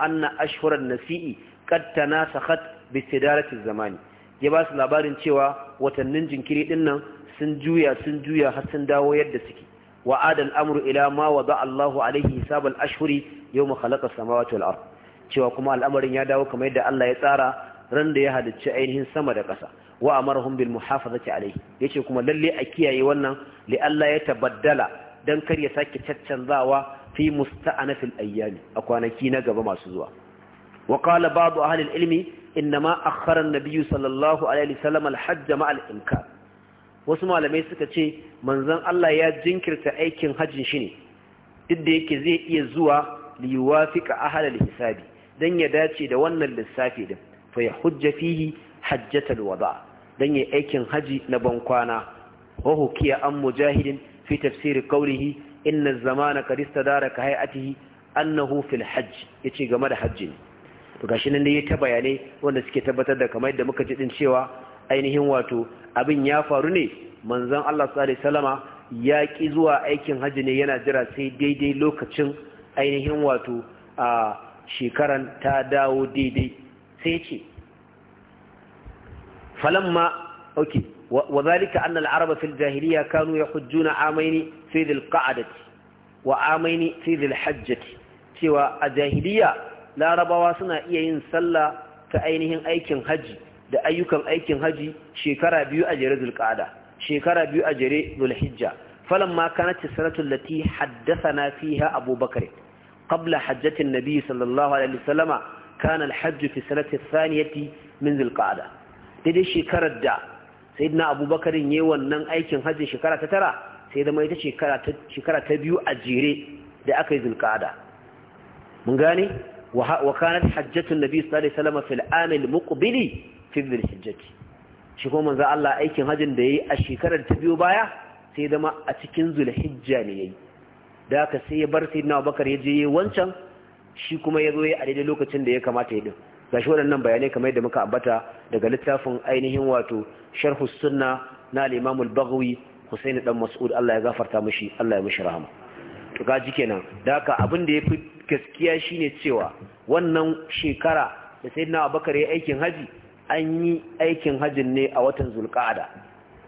anna ashhuran nasi'i qad tanasakhat bi istidarati zamani ya ba su labarin cewa watannin jinkiri din nan sun juya sun juya har sun dawo yadda suke wa adal amru ila ma waza Allahu alaihi hisabal ashuri. Yau khalaqa samawati wal cewa kuma al'amarin ya dawo kamar yadda Allah ya tsara ran da ya halicci ainihin sama da ƙasa wa amarhum bil muhafazati alaihi yace kuma lalle a kiyaye wannan li Allah ya tabaddala dan kar ya sake caccanzawa fi musta'anafil ayyami a kwanaki na gaba masu zuwa wa qala ba'du ahli al-ilmi inma akhara an-nabiy sallallahu alaihi wasallam al-hajj ma al wasu malamai suka ce manzon Allah ya jinkirta aikin hajjin shi ne duk da yake zai iya zuwa liwafiqa ahli al-hisabi dan ya dace da wannan lissafi din fa ya hujja fihi hajjatul wada dan ya aikin haji na bankwana wa hukiya an mujahidin fi tafsir qawlihi inna zamana qad istadara ka hai'atihi annahu fil hajj yace game da hajji to gashi nan dai ta bayanai wanda suke tabbatar da kamar yadda muka ji din cewa ainihin wato abin ya faru ne manzon Allah sallallahu alaihi wasallama ya ki zuwa aikin hajji ne yana jira sai daidai lokacin ainihin wato a shekaran ta dawo daidai sai ce falamma okay وذلك أن العرب في الجاهلية كانوا يحجون عامين في ذي القعدة وعامين في ذي الحجة سوى الجاهلية لا رب واسنا إيهن سلا كأينهن أيكن hajji da ayyukan aikin haji shekara biyu a jere zulqa'ada shekara biyu a jere zulhijja falamma kanat sanatu allati haddathana fiha abubakar qabla hajjati an-nabi sallallahu alaihi wasallama kana al fi sanati thaniyati min zulqa'ada dai shekarar da Sai na abubakarin yi wannan aikin hajji shekara ta tara sai zama ita shekara ta biyu a jere da aka yi zulqa'ada mun gane wa kanar hajjatun nabi sallallahu alaihi wasallam fil amil fil fi dhilhijjati shi kuma Allah aikin hajjin da ya yi a shekarar ta biyu baya sai zama a cikin zulhijja ne yayi da aka sai ya bar sai na abubakar ya je yi wancan shi kuma ya zo ya a daidai lokacin da ya kamata ya din gashi waɗannan bayanai kamar yadda muka ambata daga littafin ainihin wato sharhu sunna na al-imam al-baghawi Husaini dan Mas'ud Allah ya gafarta mishi Allah ya mishi rahama to gaji kenan da abin da yafi gaskiya shine cewa wannan shekara da sayyidina Abubakar ya aikin haji an yi aikin hajin ne a watan Zulqa'ada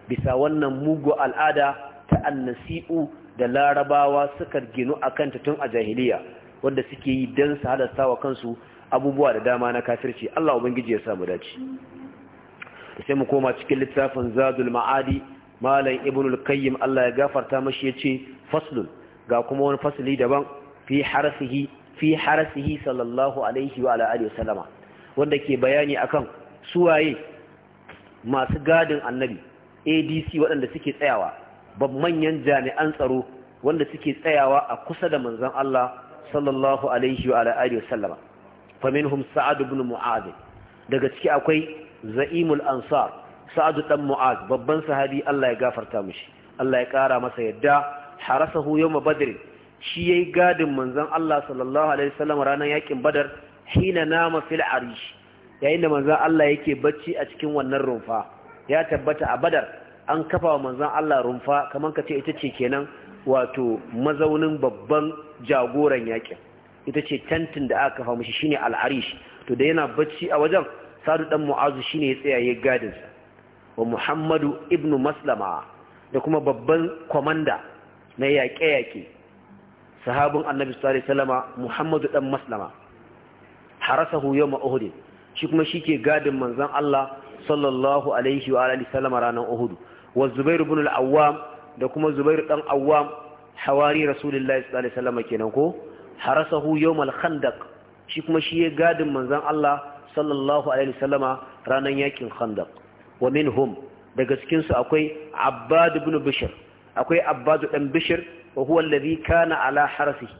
bisa wannan mugu al'ada ta annasi'u da larabawa suka ginu akan ta tun a jahiliya wanda suke yi dan su halasta wa kansu abubuwa da dama na kafirci Allah ubangiji ya samu dace sai mu koma cikin littafin zadul ma'adi malam ibnul qayyim Allah ya gafarta mashi yace faslun ga kuma wani fasli daban fi harasihi fi harasihi sallallahu alaihi wa alihi wasallama wanda ke bayani akan suwaye masu gadin annabi ADC waɗanda suke tsayawa babban manyan jami'an tsaro wanda suke tsayawa a kusa da manzon Allah sallallahu alaihi wa alihi wasallama faminhum sa'adu ibn mu'az daga ciki akwai za'imul ansar sa'ad dan mu'az babban sahabi Allah ya gafarta mishi Allah ya kara masa yadda harasahu yawm badr shi yayi gadin manzon Allah sallallahu alaihi wasallam ranar yakin badar hina nama fil arish yayin da manzon Allah yake bacci a cikin wannan rumfa ya tabbata a badar an kafa wa manzon Allah rumfa kaman kace ita ce kenan wato mazaunin babban jagoran yakin ita ce tentin da aka kafa mashi shine al'arish to da yana bacci a wajen sadu dan mu'azu shine ya tsaya ya gadin sa wa muhammadu ibnu maslama da kuma babban komanda na yaƙe-yaƙe sahabin annabi sallallahu alaihi wasallama muhammadu dan maslama harasahu yawma uhud shi kuma shike gadin manzon Allah sallallahu alaihi wa alihi sallama ranar uhud wa zubair ibn al-awwam da kuma zubair dan awwam hawari rasulullahi sallallahu alaihi wasallama kenan ko harasahu yawmal khandaq shi kuma shi ya gadin manzon Allah sallallahu alaihi wasallama ranan yakin khandaq wa minhum daga cikin su akwai Abbad ibn Bishr akwai Abbad dan Bishr wa huwa alladhi kana ala harasihi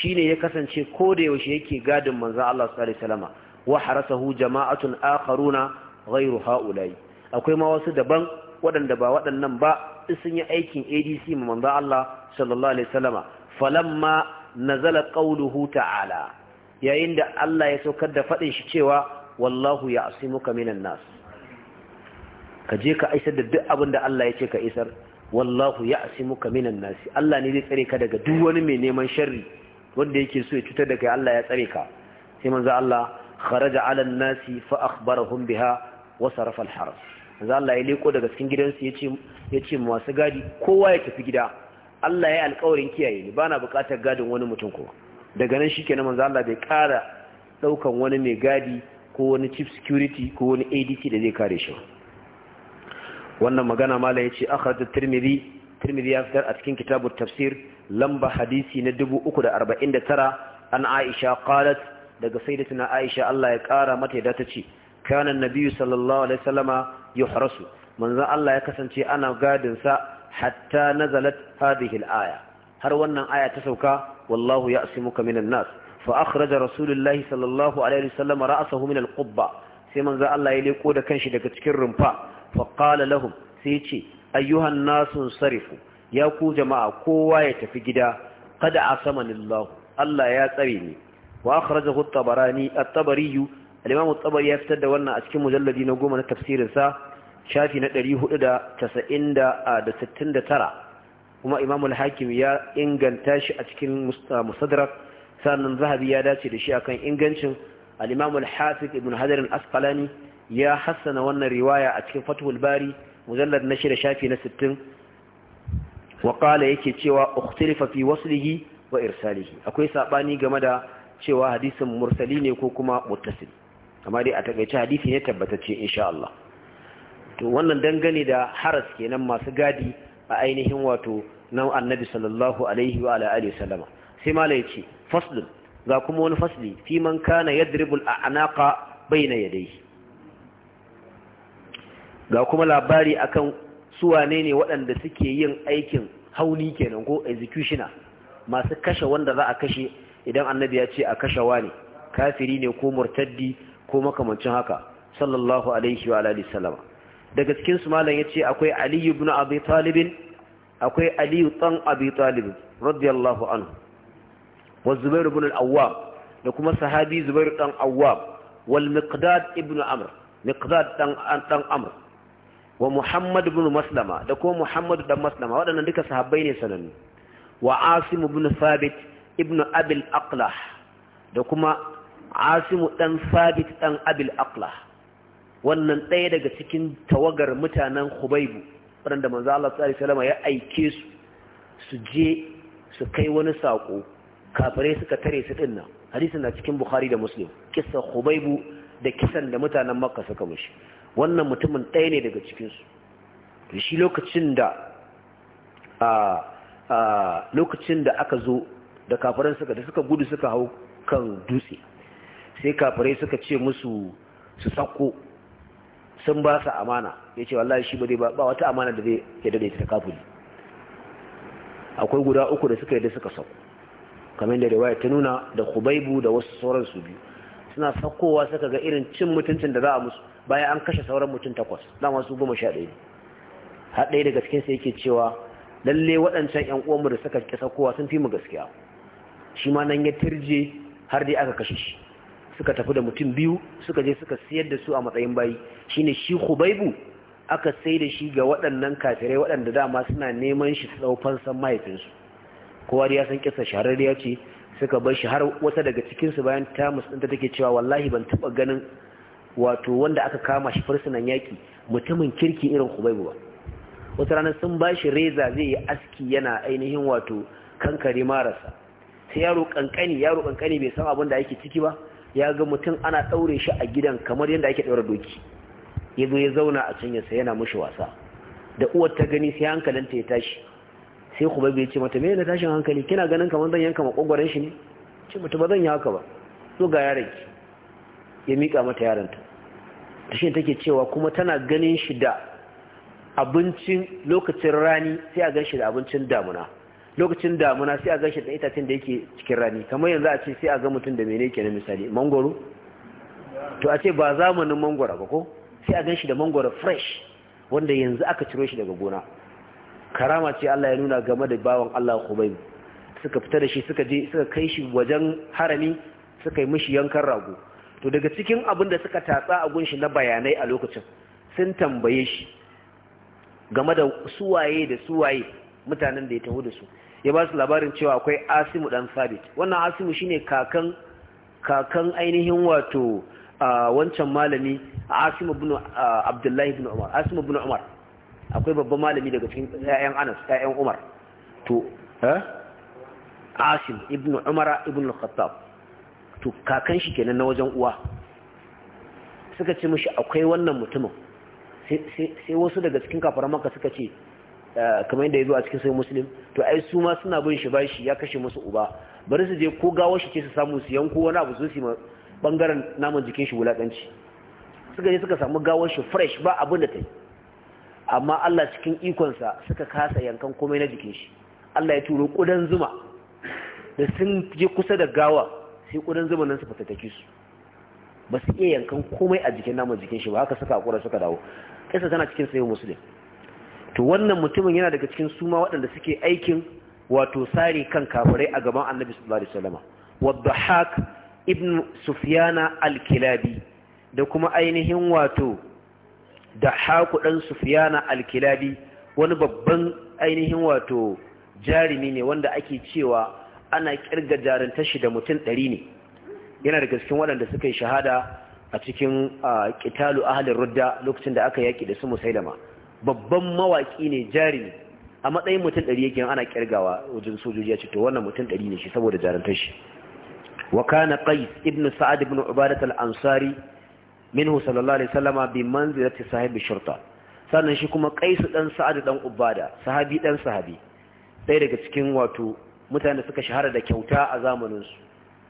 shine ya kasance ko da yaushe yake gadin manzon Allah sallallahu alaihi wasallama wa harasahu jama'atun akharuna ghayru haula'i akwai ma wasu daban waɗanda ba waɗannan ba sun yi aikin ADC ma manzon Allah sallallahu alaihi wasallama falamma nazala qauluhu ta'ala yayin da Allah ya saukar da fadin shi cewa wallahu ya'simuka minan nas ka je ka aisar da duk abin da Allah ya ce ka isar wallahu ya'simuka minan nas Allah ne zai tsare ka daga duk wani mai neman sharri wanda yake so ya cutar da kai Allah ya tsare ka sai manzo Allah kharaja 'ala an-nas fa akhbarahum biha wa sarafa al-harf manzo Allah ya leko daga cikin gidansu ya ce masu gadi kowa ya tafi gida Allah ya alƙawarin kiyaye ni bana buƙatar gadin wani mutum kuma daga nan shikenan manzo Allah bai ƙara daukan wani mai gadi ko wani chief security ko wani ADC da zai kare shi wannan magana mala yace ce at-Tirmidhi Tirmidhi ya fitar a cikin kitabut tafsir lamba hadisi na 349 an Aisha qalat daga sayyidatuna Aisha Allah ya kara mata da ce kana annabi sallallahu alaihi wasallama yuhrasu manzo Allah ya kasance ana gadin sa hatta nazalat hadhihi al-aya har wannan aya ta sauka wallahu ya'simuka minan nas fa akhraja rasulullahi sallallahu alaihi wasallam ra'sahu min al-qubba sai manza Allah ya leko da kanshi daga cikin rumfa fa qala lahum sai ya ce ayyuhan nasu sarifu ya ku jama'a kowa ya tafi gida kada asamani Allah Allah ya tsare ni wa akhrajahu at-tabarani at-tabari al ya fitar da wannan a cikin mujalladi na goma na tafsirin sa shafi na ɗari 469 kuma imamul hakim ya inganta shi a cikin musadrak sannan zahabi ya dace da shi akan ingancin al-imamul hafiz ibn hajar al-asqalani ya hassana wannan riwaya a cikin fathul bari mujallad na shida shafi na 60 wa qala yake cewa ukhtilifa fi a wa irsalihi akwai saɓani game da cewa hadisin mursali ne ko kuma muttasil amma a takaice hadisi ne tabbatacce insha Allah to wannan dangane da haras kenan masu gadi a ainihin wato na annabi sallallahu alaihi wa alihi sallama sai mala ce faslun ga kuma wani fasli fi man kana yadribu al-a'naqa bayna yadayhi ga kuma labari akan su wane ne waɗanda suke yin aikin hauni kenan ko executioner masu kashe wanda za a kashe idan annabi ya ce a kashe wani kafiri ne ko murtaddi ko makamancin haka sallallahu alaihi wa alihi sallama daga cikin su ya ce akwai Aliyu bin Abi talibin akwai Aliyu dan Abi Talib radiyallahu anhu wa Zubairu bin al da kuma sahabi Zubairu dan Awwam wal Miqdad ibn Amr Miqdad dan dan Amr wa Muhammad ibn Maslama da kuma Muhammad dan Maslama waɗannan duka sahabbai ne sanannu wa Asim ibn Thabit ibn Abil Aqlah da kuma Asim dan Thabit dan Abil Aqlah wannan ɗaya daga cikin tawagar mutanen hubaibu waɗanda manzo Allah sallallahu ya aike su su je su kai wani sako kafirai suka tare su dinnan hadisin na cikin bukhari da muslim kissa hubaibu da kisan da mutanen makka suka mushi wannan mutumin ɗaya ne daga cikin su shi lokacin da a lokacin da aka zo da kafirai suka da suka gudu suka hau kan dutse sai kafirai suka ce musu su sako sun ba su amana ya ce wallahi shi bude ba wata amana da zai yadda da ita kafuli akwai guda uku da suka yadda suka sauko kamar da riwaya ta nuna da kubaibu da wasu sauran su biyu suna saukowa suka ga irin cin mutuncin da za a musu bayan an kashe sauran mutum takwas da masu goma sha ɗaya har ɗaya daga cikinsa yake cewa lalle waɗancan ƴan uwanmu da suka ke saukowa sun fi mu gaskiya shi ma nan ya tirje har dai aka kashe shi suka tafi da mutum biyu suka je suka siyar da su a matsayin bayi Shi ne shi Khubaibu? aka sai da shi ga waɗannan kafirai waɗanda dama suna neman shi su ɗaufan san mahaifinsu kowa ya san kisa shahararriya ce suka bar shi har wata daga cikinsu bayan ta musulunta take cewa wallahi ban taɓa ganin wato wanda aka kama shi fursunan yaƙi mutumin kirki irin Khubaibu ba wata ranar sun ba shi reza zai yi aski yana ainihin wato kankare marasa sai yaro kankani yaro kankani bai san abin da yake ciki ba ya ga mutum ana ɗaure shi a gidan kamar yadda ake ɗaura doki ya zo ya zauna a can yasa yana mushi wasa da uwar ta gani sai hankalinta ya tashi sai kuma bai ce mata me yana tashin hankali kina ganin kamar zan yanka makogwaron shi ne ce mata ba zan yi haka ba So ga yaron ki ya miƙa mata yaron ta ta shi take cewa kuma tana ganin shi da abincin lokacin rani sai a gan shi da abincin damuna lokacin damuna sai a ga shi da itacen da yake cikin rani kamar yanzu a ce sai a ga mutum da mene na misali mangoro to a ce ba zamanin mangoro ba ko sai a gan da mangoro fresh wanda yanzu aka ciro shi daga gona karama ce Allah ya nuna game da bawan Allah Khubayb suka fita da shi suka je suka kai shi wajen harami suka yi mishi yankan rago to daga cikin abin da suka tatsa a gunshi na bayanai a lokacin sun tambaye shi game da suwaye da suwaye mutanen da ya taho da su ya ba su labarin cewa akwai asimu dan sabit wannan asimu shine kakan kakan ainihin wato wancan malami asimu ibn abdullahi ibn umar asimu ibn umar akwai babban malami daga cikin 'ya'yan anas 'ya'yan umar to eh asim ibn umara ibn al-khattab to kakan shi kenan na wajen uwa suka ce mishi akwai wannan mutumin sai wasu daga cikin kafaran maka suka ce Eh, kamar yadda ya zo a cikin sai musulun? to ai su ma suna bin shi bashi ya kashe musu uba bari su je ko gawo shi ke su samu su yanko wani abu su ma bangaren naman jikin shi wulakanci suka je suka samu gawar shi fresh ba abin da ta yi amma Allah cikin ikonsa suka kasa yankan komai na jikin shi Allah ya turo kudan zuma da sun je kusa da gawa sai kudan zuma nan su fatattake su ba su iya yankan komai a jikin naman jikin shi ba haka suka hakura suka dawo kisa tana cikin sayin musulun to wannan mutumin yana daga cikin suma waɗanda suke aikin wato sari kan kafirai a gaban annabi sallallahu alaihi wasallam wadhahak ibn sufyana al-kilabi da kuma ainihin wato dahaku dan sufyana al-kilabi wani babban ainihin wato jarumi ne wanda ake cewa ana kirga jarinta shi da mutum ɗari ne yana daga cikin waɗanda suka yi shahada a cikin kitalu ahalin rudda lokacin da aka yaƙi da su musailama babban mawaki ne jari a matsayin mutum ɗari yake ana kirgawa wajen sojoji ya ce wannan mutum ɗari ne shi saboda jarantar shi wa kana qais ibn sa'ad ibn ubadat al-ansari minhu sallallahu alaihi wasallama bi manzilati sahibi shurta sannan shi kuma qais dan sa'ad dan ubada sahabi dan sahabi ɗaya daga cikin wato mutane suka shahara da kyauta a zamaninsu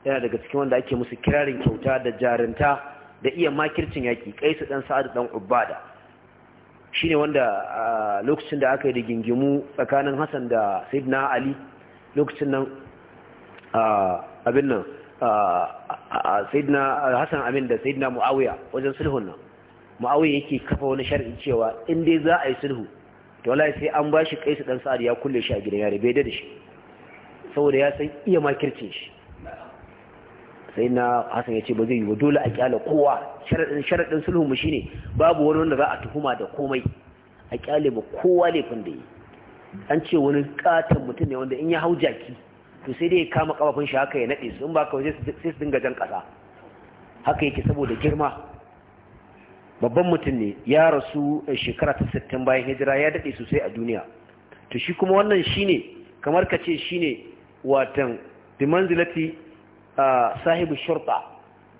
su yana daga cikin wanda ake musu kirarin kyauta da jarinta da iya makircin yaki qais dan sa'ad dan ubada Shi ne wanda lokacin da aka yi da gingimu tsakanin Hassan da Sayyidina Ali lokacin nan abin nan Hassan Amin da Sayyidina Muawiya wajen sulhun nan Muawiya yake kafa wani shari'in cewa in dai za a yi sulhu to wallahi sai an ba bashi su dan sa'ad ya kulle shi a gidan yare bai da shi saboda ya san iya makircin shi sai na hasan ya ce ba zai yi ba dole a kyale kowa sharaɗin sulhunmu shi ne babu wani wanda za a tuhuma da komai a kyale ba kowa laifin da yi an ce wani katon mutum ne wanda in ya hau jaki to sai dai ya kama kafafun shi haka ya naɗe su in ba kawai sai su dinga jan ƙasa haka yake saboda girma babban mutum ne ya rasu shekara ta sittin bayan hijira ya daɗe sosai a duniya to shi kuma wannan shine kamar ka ce shi ne watan dimanzilati sahibu shurta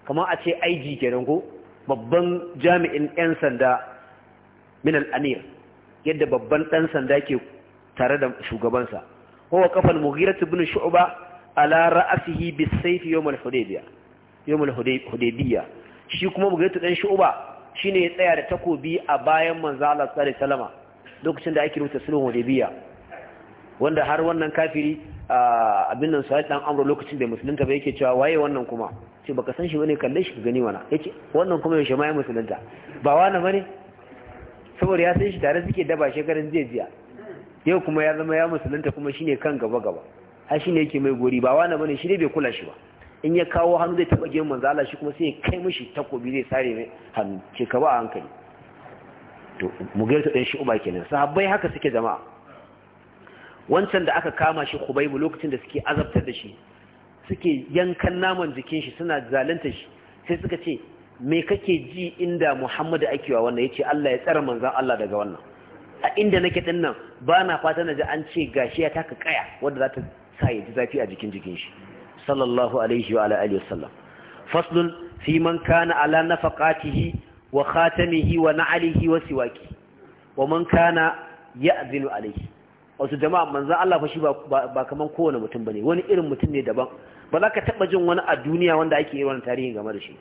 kamar a ce IG kenan ko babban jami'in 'yan sanda min al'amir yadda babban ɗan sanda ke tare da shugabansa Kowa kafal mughiratu ibn shu'ba ala ra'sihi bis yawm al-hudaybiyah yawm al-hudaybiyah shi kuma mughiratu dan shu'ba shine ya tsaya da takobi a bayan manzo Allah sallallahu alaihi lokacin da ake rubuta sulhun hudaybiyah wanda har wannan kafiri abin nan sai dan amro lokacin da musulunta ba yake cewa waye wannan kuma ce baka san shi bane kalle shi ka gani wana yace wannan kuma yaushe ma ya musulunta ba wani bane saboda ya san shi tare suke daba shekarun jiya yau kuma ya zama ya musulunta kuma shine kan gaba gaba har shine yake mai gori ba wani bane shi ne bai kula shi ba in ya kawo hannu zai taba gemu manzo Allah shi kuma sai ya kai mishi takobi zai sare mai hannu ce ka ba hankali to mu gaita dan shi uba kenan sahabbai haka suke jama'a wancan da aka kama shi kubaibu lokacin da suke azabtar da shi suke yankan naman jikin shi suna zalunta shi sai suka ce me kake ji inda muhammadu ake wa wannan Ya ce Allah ya tsara manzan Allah daga wannan a inda nake din nan ba na fata na ji an ce gashi ya taka kaya wanda za ta sa ya zafi a jikin jikin shi sallallahu alaihi wa alihi wasallam faslun fi man kana ala nafaqatihi wa khatamihi wa na'alihi wa siwaki wa man kana ya'zinu alaihi wato jama'a manzo Allah fa shi ba kaman kowane mutum bane wani irin mutum ne daban ba za ka taba jin wani a duniya wanda ake yi wani tarihi game da shi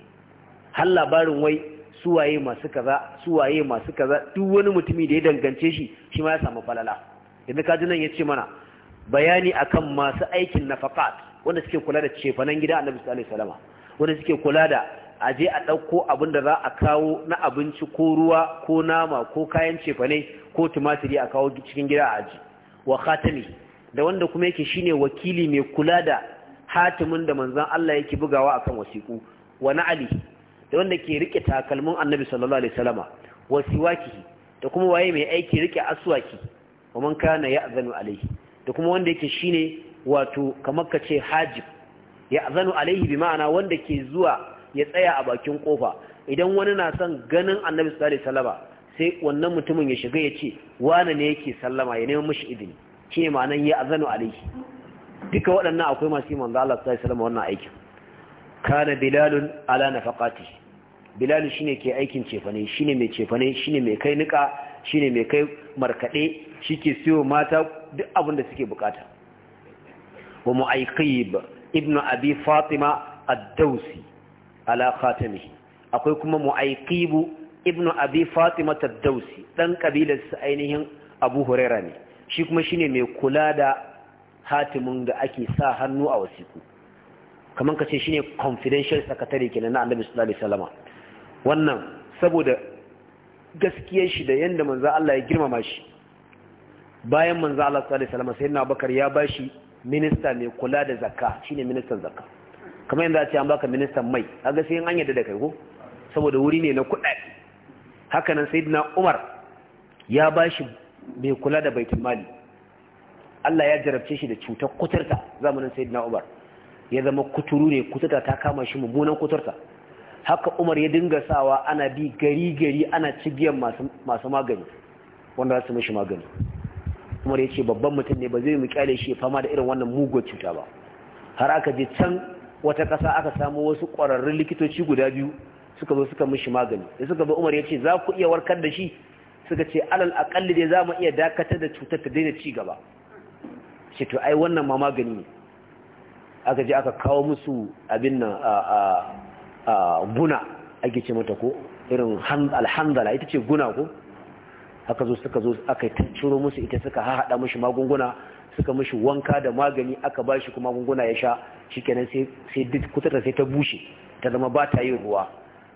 har labarin wai suwaye masu kaza suwaye masu kaza duk wani mutumi da ya dangance shi shi ma ya samu falala ka kaji nan ya ce mana bayani akan masu aikin nafaqat wanda suke kula da cefanen gida Annabi sallallahu alaihi wanda suke kula da aje a ɗauko abin da za a kawo na abinci ko ruwa ko nama ko kayan cefane ko tumatiri a kawo cikin gida a aji wa khatami da wanda kuma yake shine wakili mai kula da hatimin da manzon Allah yake bugawa akan wasiku wa na'ali da wanda ke rike takalmin annabi sallallahu alaihi wasallama wa siwakihi da kuma waye mai aiki rike aswaki wa man kana ya'zanu alaihi da kuma wanda yake shine wato kamar kace hajib ya'zanu alaihi bi ma'ana wanda ke zuwa ya tsaya a bakin kofa idan wani na son ganin annabi sallallahu alaihi wasallama sai wannan mutumin ya shiga ya ce wane ne yake sallama ya neman mashi idini shi ne ma'anan ya azanu alaihi duka waɗannan akwai masu yi manzo Allah sallallahu alaihi wannan aikin kana bilalun ala nafaqati bilal shine ke aikin cefane shine mai cefane shine mai kai nika shine mai kai markade shike siyo mata duk abin da suke bukata wa mu'ayqib ibnu abi fatima ad-dawsi ala khatamihi akwai kuma mu'ayqibu ibnu abi fatima taddausi dan kabilar su ainihin abu huraira ne shi kuma shine mai kula da hatimin da ake sa hannu a wasiku kamar ka ce shine confidential secretary kenan na annabi sallallahu alaihi wasallama wannan saboda gaskiyar shi da yanda manzo Allah ya girmama shi bayan manzo Allah sallallahu alaihi wasallama sayyidina Abubakar ya bashi minista mai kula da zakka shine ministan zakka kamar yanda a ce an baka ministan mai kaga sai an yadda da kai ko saboda wuri ne na kuɗaɗe hakanan na umar ya bashi mai kula da baitul mali Allah ya jarabce shi da cutar kuturta zamanin na umar ya zama kuturu ne kuturta ta kama shi mummunan kutarta haka umar ya dinga sawa ana bi gari gari ana cibiyar masu magani wanda za su mishi magani umar ya ce babban mutum ne ba zai mu kyale shi fama da irin wannan mugun cuta ba har aka je can wata ƙasa aka samu wasu ƙwararrun likitoci guda biyu suka zo suka mishi magani da suka zo umar ya ce za ku iya warkar da shi suka ce alal akalli dai za mu iya dakatar da cutar ta daina ci gaba ce to ai wannan ma magani ne aka je aka kawo musu abin nan a guna ake ce mata ko irin alhandala ita ce guna ko aka zo suka zo aka ciro musu ita suka haɗa mashi magunguna suka mashi wanka da magani aka ba shi kuma magunguna ya sha shikenan sai duk ta sai ta bushe ta zama ba ta yi ruwa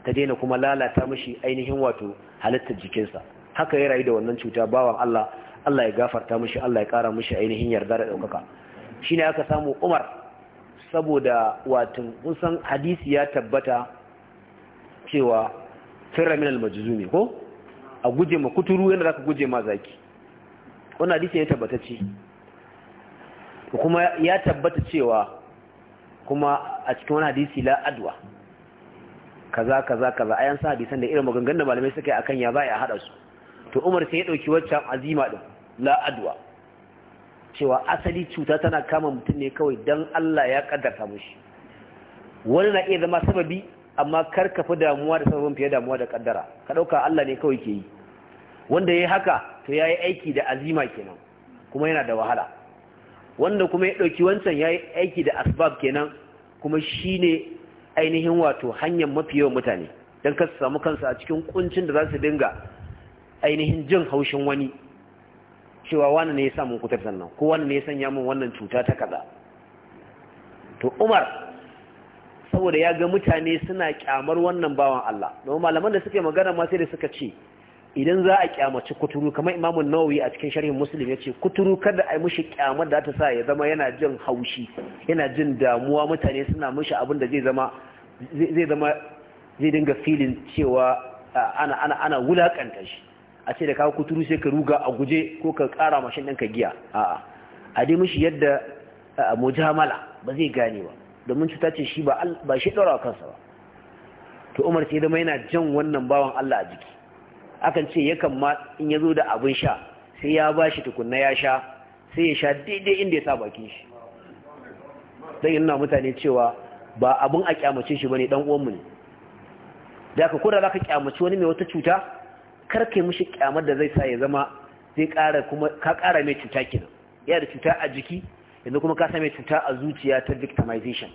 ta daina kuma lalata mashi ainihin wato halittar jikinsa haka ya rayu da wannan cuta bawan Allah Allah ya gafarta mashi Allah ya kara mashi ainihin yarda da daukaka shine aka samu Umar saboda wato kun san hadisi ya tabbata cewa firra al-majzumi ko a guje ma kuturu yana zaka guje ma zaki wannan hadisi ya tabbata ce kuma ya tabbata cewa kuma a cikin wani hadisi la adwa kaza kaza kaza ayan sa hadisan da irin maganganun da malamai suka yi akan ya za a hada su to Umar sai ya dauki waccan azima din la adwa cewa asali cuta tana kama mutum ne kawai dan Allah ya kaddarta mushi wani na iya zama sababi amma kar ka fi damuwa da sababin fiye damuwa da kaddara ka dauka Allah ne kawai ke yi wanda yayi haka to yayi aiki da azima kenan kuma yana da wahala wanda kuma ya dauki wancan yayi aiki da asbab kenan kuma shine ainihin wato hanyar mafi yawan mutane don kasu samu kansu a cikin kuncin da za su dinga ainihin jin haushin wani cewa wani ne ya samun kutar sannan ko wani ne ya sanya min wannan cuta ta kaza to umar saboda ya ga mutane suna kyamar wannan bawan Allah domin malaman da suke magana ma sai da suka ce idan za a kyamaci kuturu kamar imamun nawawi a cikin sharhin muslim ya ce kuturu kada a yi mushi kyamar da ta sa ya zama yana jin haushi yana jin damuwa mutane suna mushi abin da zai zama zai zama zai dinga filin cewa ana ana ana wulakanta shi a ce da ka kuturu sai ka ruga a guje ko ka kara mashin ɗinka giya a'a a dai mushi yadda mujamala ba zai gane ba domin cuta ce shi ba shi ɗora kansa ba to umar sai zama yana jan wannan bawan Allah a jiki akan ce yakan ma in ya zo da abin sha sai ya ba shi tukunna ya sha sai ya sha daidai inda ya sa bakin shi don yana mutane cewa ba abin a kyamace shi ba ne ɗan uwanmu ne da aka kura za ka kyamace wani mai wata cuta karka yi mushi kyamar da zai sa ya zama zai ƙara kuma ka ƙara mai cuta kina yana da cuta a jiki yanzu kuma ka same mai cuta a zuciya ta victimization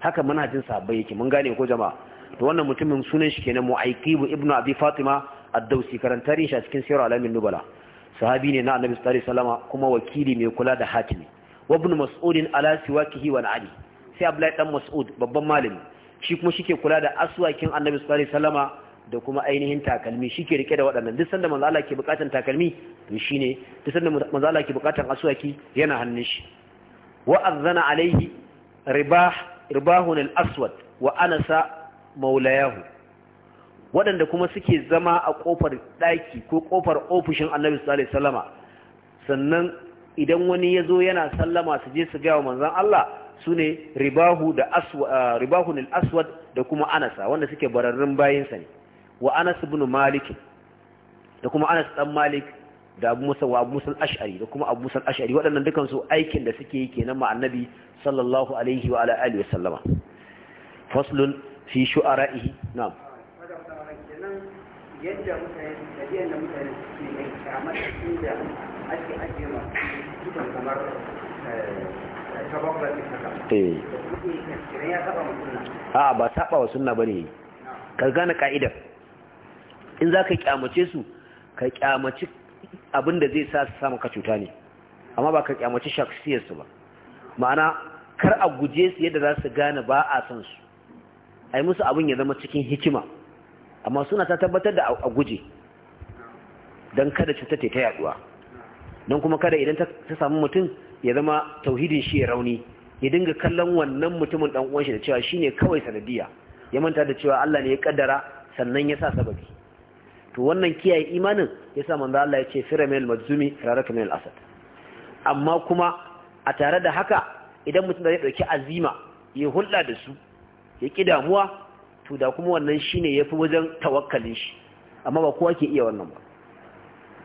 haka manhajin sabai yake mun gane ko jama'a to wannan mutumin sunan shi kenan mu'aqibu ibnu abi fatima ad-dausi karantarin shi a cikin sirar alamin nubala sahabi ne na annabi sallallahu alaihi wasallam kuma wakili mai kula da hatimi. wa ibn mas'ud ala siwakihi wa ali sai abdullahi dan mas'ud babban malami shi kuma shike kula da aswakin annabi sallallahu alaihi wasallama da kuma ainihin takalmi shike rike da waɗannan duk sanda manzo Allah ke bukatan takalmi to shine duk sanda manzo Allah ke bukatan aswaki yana hannun shi wa azana alaihi ribah ribahun al-aswad wa anasa maulayahu waɗanda kuma suke zama a ƙofar ɗaki ko ƙofar ofishin annabi sallallahu alaihi wasallama sannan idan wani ya zo yana sallama su je su gawa wa manzon Allah su ne ribahu da aswad da kuma anasa wanda suke bararrun bayinsa ne wa anas ibn malik da kuma anas dan malik da abu musa wa abu musa ash'ari da kuma abu musa ash'ari waɗannan dukan su aikin da suke yi kenan ma annabi sallallahu alaihi wa ala alihi wa sallama faslun fi shu'ara'ihi na. yadda a ba saba wa sunna bane ka gane ka'idar in za ka kyamace su ka kyamaci abin zai sa su samu ka cuta ne amma ba ka kyamaci shaksiyarsu ba ma'ana kar a guje su yadda za su gane ba a son su a yi musu abin ya zama cikin hikima amma suna ta tabbatar da a guje don kada cutar ta yaduwa don kuma kada idan ta samu mutum ya zama tauhidin shi ya rauni ya dinga kallon wannan mutumin dan uwan shi da cewa ne kawai sanadiyya, ya manta da cewa Allah ne ya kaddara sannan ya sa sababi to wannan kiyaye imanin ya sa manzo Allah ya ce firamil majzumi firaraka min al-asad amma kuma a tare da haka idan mutum da ya dauki azima ya hulɗa da su ya ƙi damuwa to da kuma wannan shi ne ya fi wajen tawakkalin shi amma ba kowa ke iya wannan ba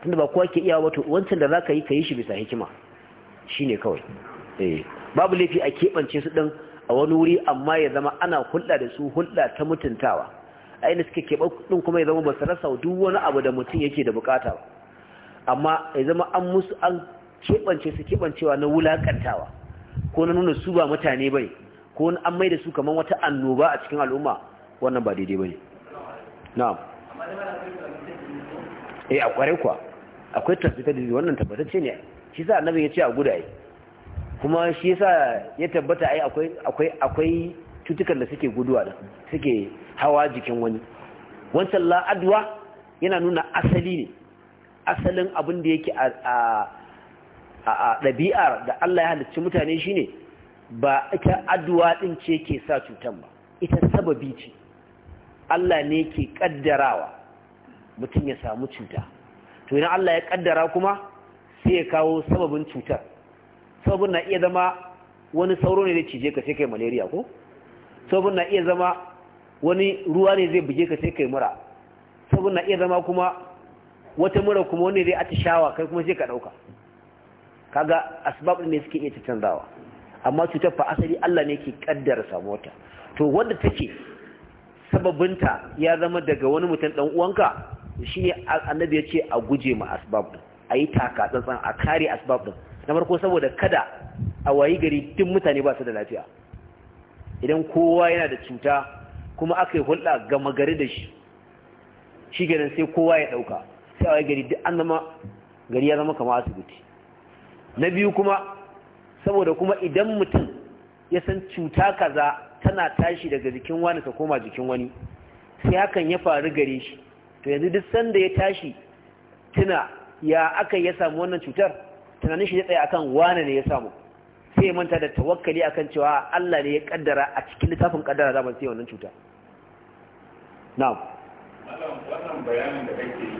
tunda ba kowa ke iya wato wancan da za ka yi ka yi shi bisa hikima Shi ne kawai eh, babu laifi a keɓance su ɗin a wani wuri amma ya zama ana hulɗa da su hulɗa ta mutuntawa a inda suka keɓa ɗin kuma ya zama ba su rasa duk wani abu da mutum yake da bukata ba amma ya zama an musu an keɓance su keɓancewa na wulaƙantawa ko na nuna su ba mutane bai ko an mai da su kamar wata annoba a cikin al'umma wannan ba daidai ba ne. na'am eh, a kware kwa akwai transmitter da wannan ce ne shi sa annabin ya ce a gudaye kuma shi sa ya tabbata a akwai akwai akwai cutukan da suke guduwa da suke hawa jikin wani wancan la'adwa yana nuna asali ne asalin abin da yake a ɗabi'ar da Allah ya halicci mutane shine ba ita addu'a ɗin ce ke sa cutan ba ita sababi ce Allah ne ke ƙaddarawa mutum ya samu cuta to idan Allah ya ƙaddara kuma sai ya kawo sababin cutar sababin na iya zama wani sauro ne da cije ka sai kai malaria ko sababin na iya zama wani ruwa ne zai buge ka sai kai mura sababin na iya zama kuma wata mura kuma wani zai atishawa kai kuma sai ka ɗauka kaga asbab ne suke iya canzawa amma cutar fa asali Allah ne ke kaddara mota. to wanda take sababinta ya zama daga wani mutum dan uwanka shine annabi ya ce a guje ma asbab din a taka tsantsan a kare asbab din na farko saboda kada a wayi gari duk mutane ba su da lafiya idan kowa yana da cuta kuma aka yi hulɗa gama gari da shi shi gani sai kowa ya ɗauka sai a wayi gari duk an zama gari ya zama kamar asibiti na biyu kuma saboda kuma idan mutum ya san cuta kaza tana tashi daga jikin wani ta koma jikin wani sai hakan ya faru gare shi to yanzu duk sanda ya tashi tuna ya aka ya samu wannan cutar tunanin shi ya akan wani ne ya samu sai ya manta da tawakkali akan cewa Allah ne ya kaddara a cikin littafin kaddara zaman sai wannan cuta na'am wannan bayanin da kake yi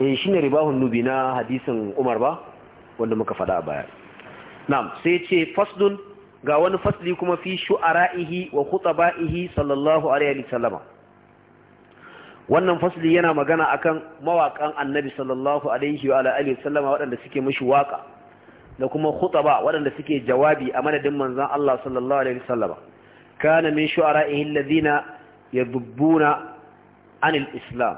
eh ne ribahun nubi na hadisin Umar ba wanda muka faɗa a baya na'am sai ce fasdun ga wani fasli kuma fi shu'ara'ihi wa khutaba'ihi sallallahu alaihi wa sallama wannan fasli yana magana akan mawakan annabi sallallahu alaihi wa alihi sallama waɗanda suke mishi waka da kuma khutaba waɗanda suke jawabi a madadin manzon Allah sallallahu alaihi wa sallama kana min shu'ara'ihi alladhina yadubbuna anil islam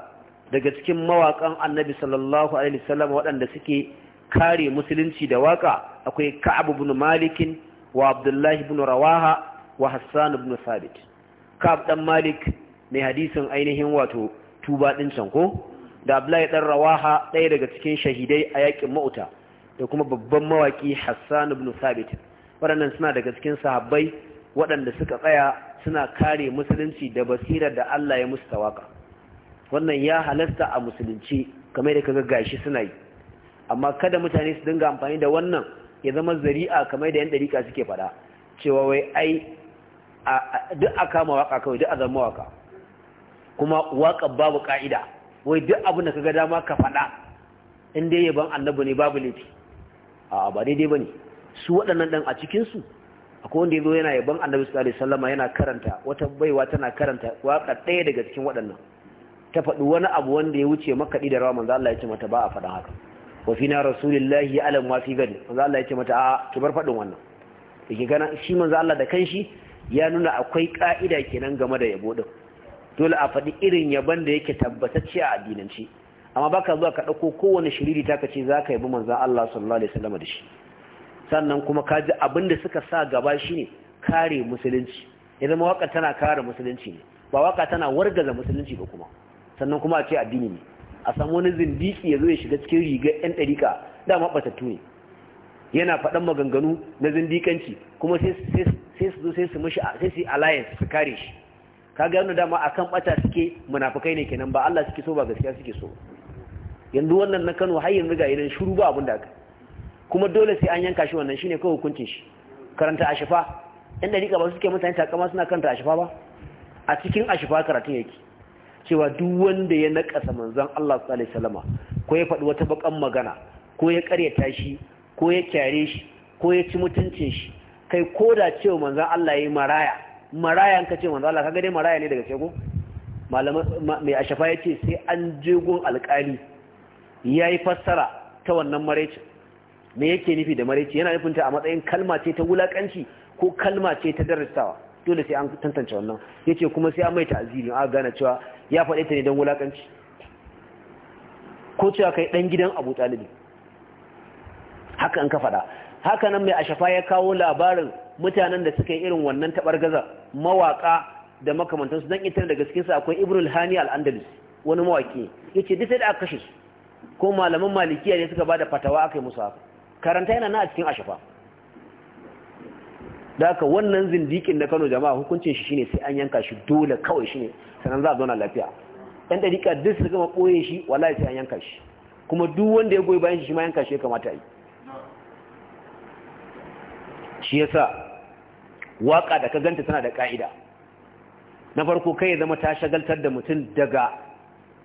daga cikin mawaƙan annabi sallallahu alaihi wasallam waɗanda suke kare musulunci da waƙa, akwai ka'ab ibn malik wa abdullahi ibn rawaha wa hassan ibn sabit ka'ab dan malik mai hadisin ainihin wato tuba din can ko da abdullahi dan rawaha ɗaya daga cikin shahidai a yakin mauta da kuma babban mawaƙi hassan ibn sabit waɗannan suna daga cikin sahabbai waɗanda suka tsaya suna kare musulunci da basirar da Allah ya musu tawaka wannan ya halasta a musulunci kamar da kaga gashi suna yi amma kada mutane su dinga amfani da wannan ya zama zari'a kamar da yan dariƙa suke faɗa cewa wai ai duk a kama waka kawai duk a zama waka kuma waka babu ka'ida wai duk abin da kaga dama ka faɗa in dai yaban annabi ne babu laifi a ba daidai bane su waɗannan ɗan a cikin su akwai wanda ya zo yana yaban annabi sallallahu alaihi wasallama yana karanta wata baiwa tana karanta waka ɗaya daga cikin waɗannan ta faɗi wani abu wanda ya wuce makaɗi da rawa manzo Allah ya ce mata ba a faɗin haka wa fina rasulillahi alam wa fi gadi manzo Allah ya ce mata a ki bar faɗin wannan yake gana shi manzo Allah da kanshi ya nuna akwai ka'ida kenan game da yabo din dole a faɗi irin yaban da yake tabbatacce a addinance amma baka zuwa ka ɗauko kowane shiriri ta kace za ka yabi manzo Allah sallallahu alaihi wasallam da shi sannan kuma ka ji abin da suka sa gaba shi ne kare musulunci ya zama waka tana kare musulunci ne ba waka tana wargaza musulunci ba kuma sannan kuma a ce addini ne a samu wani zindiki ya zo ya shiga cikin rigar yan ɗarika dama batattu ne yana faɗan maganganu na zindikanci kuma sai su zo sai su mashi sai su alliance su kare shi ka ga yana dama akan ɓata suke munafukai ne kenan ba Allah suke so ba gaskiya suke so yanzu wannan na Kano har yanzu ga idan shiru ba abin da aka kuma dole sai an yanka shi wannan shine kawai hukuncin shi karanta ashifa ɗan ɗarika ba suke mutane takama suna karanta ashifa ba a cikin ashifa karatun yake cewa duk wanda ya nakasa manzon Allah sallallahu alaihi ko ya faɗi wata bakan magana ko ya karyata shi ko ya kyare shi ko ya ci mutuncin shi kai ko da cewa manzon Allah yayi maraya maraya an kace manzon Allah kaga dai maraya ne daga ce malama mai ashafa yace sai an je gun alƙali yayi fassara ta wannan maraicin me yake nufi da maraici yana nufinta a matsayin kalma ce ta wulakanci ko kalma ce ta darasawa dole sai an tantance wannan yace kuma sai an mai ta'ziri a gane cewa ya faɗe ta ne don wulakanci ko cewa kai dan gidan Abu Talib haka an ka faɗa haka nan mai ashafa ya kawo labarin mutanen da suka yi irin wannan gaza mawaka da makamantansu dan ita daga cikin su akwai Ibrul Hani al-Andalus wani mawaki yace duk sai da aka kashe su ko malaman malikiya ne suka bada fatawa akai musu haka karanta yana na a cikin ashafa daka wannan zindikin na Kano jama'a hukuncin shi shine sai an yanka shi dole kawai shine sanan za a zauna lafiya Yan ɗariƙa duk su gama ɓoye shi wallahi sai an yanka shi kuma duk wanda ya goyi bayan shi ma yanka shi ya kamata yi shi yasa waƙa da ka ganta tana da ƙa'ida na farko kai ya zama ta shagaltar da mutum daga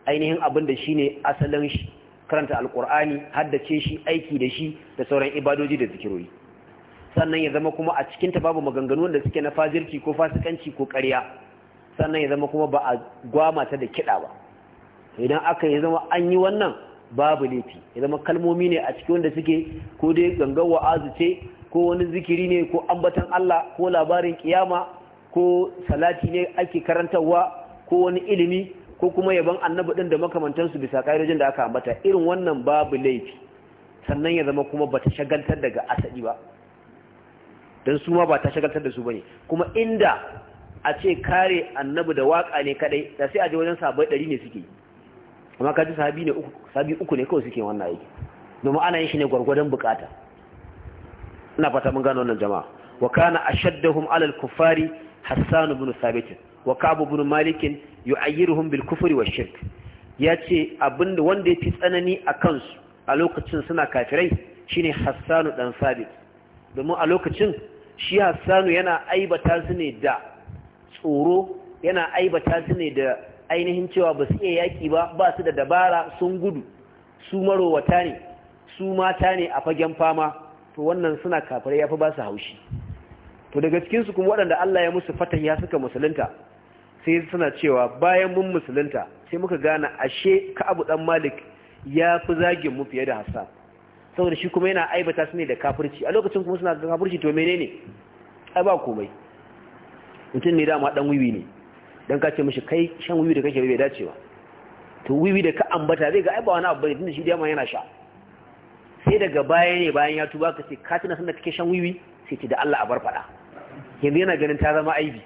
ainihin abin da shine asalin shi karanta alƙur'ani haddace shi aiki da shi da sauran ibadoji da zikirori sannan ya zama kuma a cikinta babu maganganu da suke na fajirci ko fasikanci ko ƙarya sannan ya zama kuma ba a gwama da kiɗa ba idan aka ya zama an yi wannan babu laifi ya zama kalmomi ne a cikin wanda suke ko dai gangan wa'azu ce ko wani zikiri ne ko ambatan Allah ko labarin kiyama ko salati ne ake karantarwa ko wani ilimi ko kuma yaban annabi din da makamantansu bisa ƙa'idojin da aka ambata irin wannan babu laifi sannan ya zama kuma bata shagaltar daga asali ba don su ma ba ta shagaltar da su ba bane kuma inda a ce kare annabi da waka ne kadai da sai a je wajen sabai ɗari ne suke amma kaji sahabi ne uku sahabi uku ne kawai suke wannan aiki domin ana yin shi ne gwargwadon bukata ina fata mun gano wannan jama'a wa kana ashaddahum alal kufari hassan ibn thabit wa ka'b ibn malik yu'ayyiruhum bil kufri wa shirk yace abinda wanda ya fi tsanani a kansu a lokacin suna kafirai shine Hassanu dan thabit domin a lokacin shi hassanu yana aibata su ne da tsoro yana aibata su ne da ainihin cewa ba su iya yaƙi ba ba su da dabara sun gudu su marowata ne su mata ne a fagen fama to wannan suna kafirai ya fi ba su haushi to daga cikinsu kuma waɗanda Allah ya musu fata ya suka musulunta sai suna cewa bayan mun musulunta sai muka gane ashe ka abu ɗan malik ya fi zagin mu fiye da hassan saboda shi kuma yana aibata su ne da kafirci a lokacin kuma suna da kafirci to menene ai ba komai mutum ne dama dan wiwi ne dan ka ce mishi kai shan wiwi da kake bai dace ba to wiwi da ka ambata zai ga ai ba wani abu bane tunda shi dama yana sha sai daga baya ne bayan ya tuba ka ce ka tuna sanda kake shan wiwi sai ce da Allah a bar fada yanzu yana ganin ta zama aibi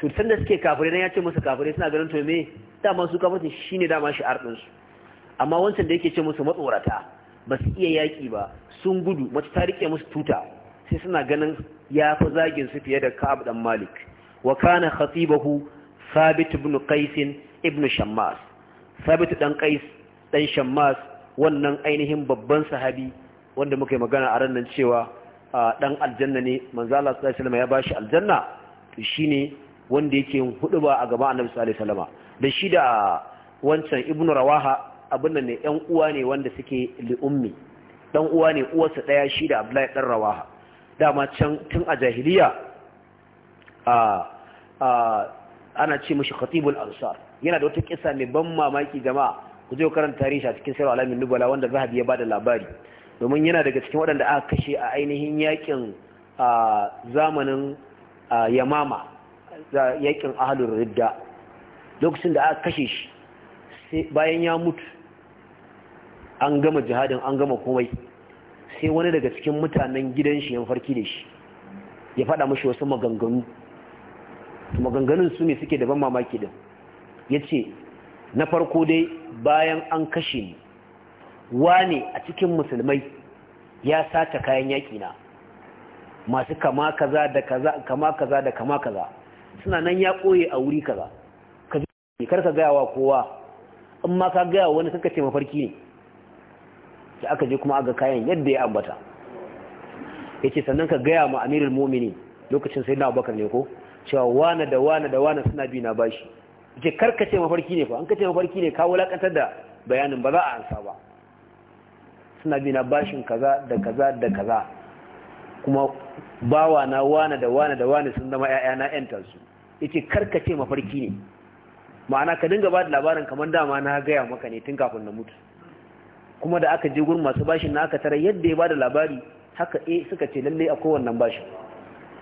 to sanda suke kafirai dan ya ce musu kafirai suna ganin to me dama su kafirci shine dama shi ardin su amma wancan da yake ce musu matsorata ba su iya yaƙi ba sun gudu mace ta riƙe musu tuta sai suna ganin ya fi zagin su fiye da ka'ab ɗan malik wa kana khatibahu sabit ibn qais ibn shammas sabit dan qais dan shammas wannan ainihin babban sahabi wanda muka yi magana a ran cewa dan aljanna ne manzo Allah sallallahu alaihi wasallam ya bashi aljanna to shine wanda yake hudu ba a gaban annabi sallallahu alaihi wasallam da shi da wancan ibn rawaha abin nan ne ɗan uwa ne wanda suke li'ummi ɗan uwa ne uwarsa ɗaya shi da Abdullahi dan Rawaha dama can tun a jahiliya ana ce mashi khatibul ansar yana da wata kisa mai ban mamaki gama ku je karanta tarihi a cikin sirr alamin nubala wanda zahabi ya bada labari domin yana daga cikin waɗanda aka kashe a ainihin yakin zamanin yamama yakin ahalur ridda lokacin da aka kashe shi bayan ya mutu an gama jihadin an gama komai sai wani daga cikin mutanen gidan shi yan farki da shi ya faɗa mashi wasu maganganu maganganun su ne suke da ban mamaki din ya ce na farko dai bayan an kashe ni wane a cikin musulmai ya sace kayan yaƙi na masu kama kaza da kaza kama kaza da kama kaza suna nan ya ɓoye a wuri kaza ka kar ka gaya wa kowa in ma ka gaya wani kaka mafarki ne da aka je kuma aga kayan yadda ya ambata ce sannan ka gaya ma amirul mu'minin lokacin sayyidina abubakar ne ko cewa wana da wana da wana suna bi na bashi yace karkace mafarki ne fa an kace mafarki ne ka wulakantar da bayanin ba za a ansa ba suna bi na bashin kaza da kaza da kaza kuma bawa na wana da wana da wana sun zama yaya na ƴan su yace karkace mafarki ne ma'ana ka dinga ba da labarin kamar dama na gaya maka ne tun kafin na mutu kuma da aka je gurin masu bashin na aka tara yadda ya bada labari haka eh suka ce lalle a kowannan bashin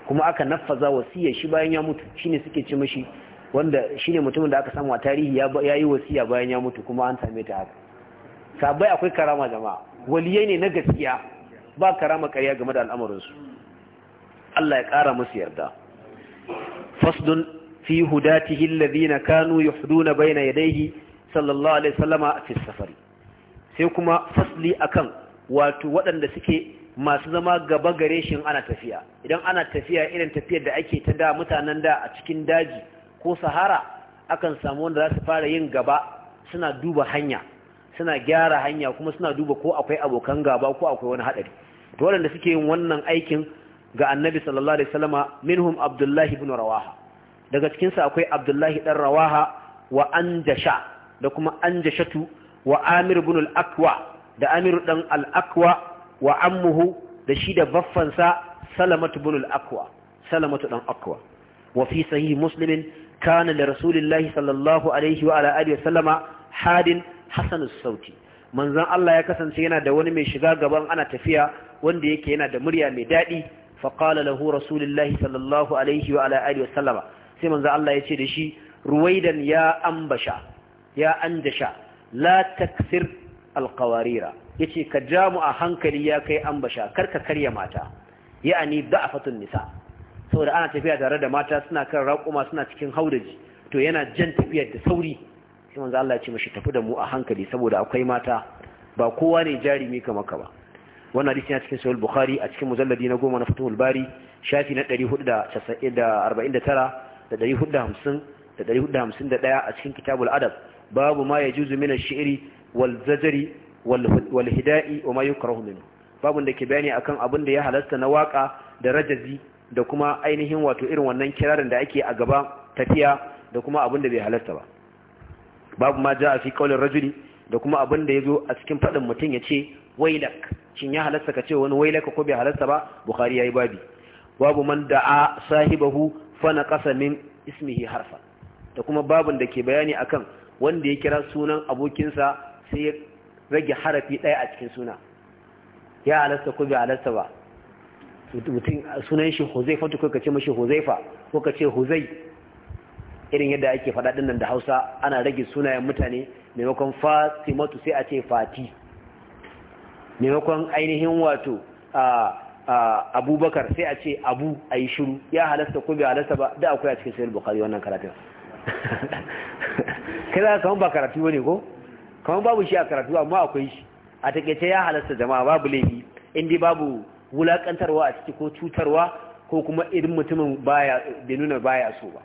kuma aka naffaza wasiyar shi bayan ya mutu shine suke ci mishi wanda shine mutumin da aka samu a tarihi ya yi wasiya bayan ya mutu kuma an same ta haka sabai akwai karama jama'a waliyai ne na gaskiya ba karama ƙarya game da al'amuransu. Allah ya kara musu yarda fasdun fi hudatihi alladhina kanu yuhduna bayna yadayhi sallallahu alaihi wasallama fi safari sai kuma fasli akan wato waɗanda suke masu zama gaba gare shi ana tafiya idan ana tafiya irin tafiyar da ake ta da mutanen da a cikin daji ko sahara akan samu wanda za su fara yin gaba suna duba hanya suna gyara hanya kuma suna duba ko akwai abokan gaba ko akwai wani haɗari to waɗanda suke yin wannan aikin ga annabi sallallahu alaihi wasallama minhum abdullahi ibn rawaha daga cikin sa akwai abdullahi dan rawaha wa anjasha da kuma anjashatu wa amir bin al da amir dan al-akwa wa ammuhu da shi da baffansa salamatu bin al-akwa salamatu dan akwa wa fi sahih muslim kana da rasulillahi sallallahu alaihi wa sallama hadin hasan sauti manzon Allah ya kasance yana da wani mai shiga gaban ana tafiya wanda yake yana da murya mai daɗi. fa lahu rasulullahi sallallahu alaihi wa sallama sai manzon Allah ya ce da shi ruwaidan ya ambasha ya andasha la taksir alqawarira yace ka ja mu a hankali ya kai ambasha ka karya mata ya'ani da'afatun nisa saboda ana tafiya tare da mata suna kan raƙuma suna cikin haudaji to yana jan tafiyar da sauri sai manzo Allah ya ce mishi tafi da mu a hankali saboda akwai mata ba kowa ne jarumi kamar ka ba wannan hadisi yana cikin sahih bukhari a cikin mujalladi na goma na fatul bari shafi na 449 da 450 da 451 a cikin kitabul adab babu ma yajuzu min ash-shi'ri wal zajri wal wa ma yukrahu minhu babun da ke bayani akan abin da ya halasta na waka da rajazi da kuma ainihin wato irin wannan kirarin da ake a gaba tafiya da kuma abin da bai halasta ba babu ma a fi qawlir rajuli da kuma abin da yazo a cikin faɗin mutum yace wailak shin ya halasta ka ce wani wailaka ko bai halasta ba bukhari yayi babi babu man da'a sahibahu fa naqasa min ismihi harfa da kuma babun da ke bayani akan wanda ya kira sunan abokinsa sai ya rage harafi ɗaya a cikin suna ya alasta ko bai alasta ba mutum sunan shi huzaifa to kuka ce mashi huzaifa kuka ce huzai irin yadda ake faɗa ɗin nan da hausa ana rage sunayen mutane maimakon fatimatu sai a ce fati maimakon ainihin wato abubakar sai a ce abu a yi shiru ya halasta ko bai halasta ba da akwai a cikin sayar bukari wannan karatun kai za ka ba karatu ne ko kamar babu shi a karatu amma akwai shi a takaice ya halasta jama'a babu laifi indai babu wulakantarwa a ciki ko cutarwa ko kuma irin mutumin baya bai nuna baya so ba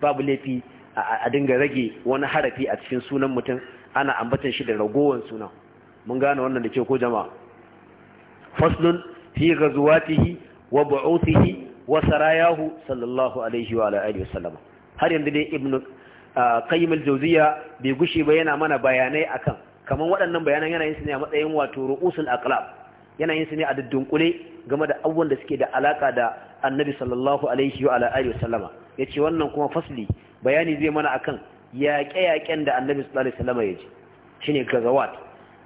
babu laifi a dinga rage wani harafi a cikin sunan mutum ana ambatan shi da ragowar suna mun gane wannan da ke ko jama'a faslun fi ghazwatihi wa bu'uthihi wa sarayahu sallallahu alaihi wa alihi wasallam har yanzu dai ibnu kayyim al-jawziya bai gushe ba yana mana bayanai akan kaman waɗannan bayanan yana yin su ne a matsayin wato ru'usul aqlab yana yin su ne a dudunkule game da abubuwan da suke da alaka da annabi sallallahu alaihi wa alihi wasallama yace wannan kuma fasli bayani zai mana akan yaƙe-yaƙen da annabi sallallahu alaihi wasallama ya ji shine gazawat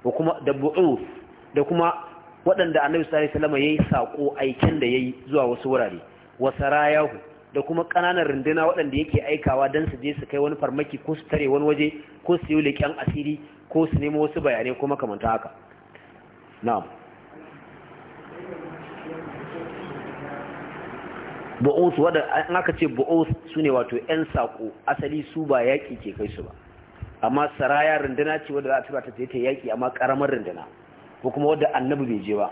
da kuma da da kuma waɗanda annabi sallallahu alaihi wasallama yayi sako aiken da yayi zuwa wasu wurare wasarayahu da kuma ƙananan runduna waɗanda yake aikawa don su je su kai wani farmaki ko su tare wani waje ko su yi leƙen asiri ko su nemo wasu bayanai ko makamanta haka na'am bu'us wadda an aka ce bu'us su ne wato 'yan saƙo asali su ba yaƙi ke kai su ba amma saraya runduna ce wadda za a tura ta ta yaƙi amma ƙaramar runduna ko kuma wadda annabi bai je ba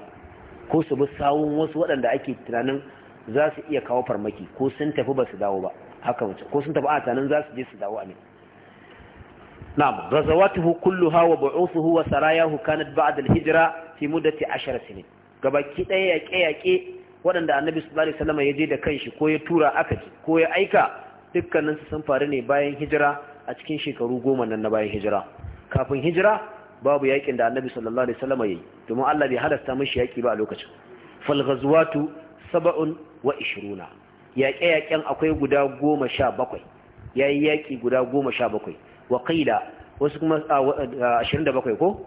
ko su bi sawun wasu waɗanda ake tunanin za su iya kawo farmaki ko sun tafi ba su dawo ba haka wace ko sun tafi a tanan za su je su dawo a ne na'am razawatuhu kulluha wa bu'uthuhu wa sarayahu kanat ba'd al-hijra fi muddati 10 sinin gabaki daya yaƙe yaƙe waɗanda annabi sallallahu alaihi wasallam ya je da kanshi ko ya tura aka ci ko ya aika dukkanin su sun faru ne bayan hijira a cikin shekaru goma nan na bayan hijira kafin hijira babu yaƙin da annabi sallallahu alaihi wasallam ya yi domin Allah bai halasta mishi yaƙi ba a lokacin fal ghazwatu saba'un wa ishiruna yaƙe-yaƙen akwai guda goma sha bakwai ya yi yaƙi guda goma sha bakwai waƙila wasu kuma ashirin da bakwai ko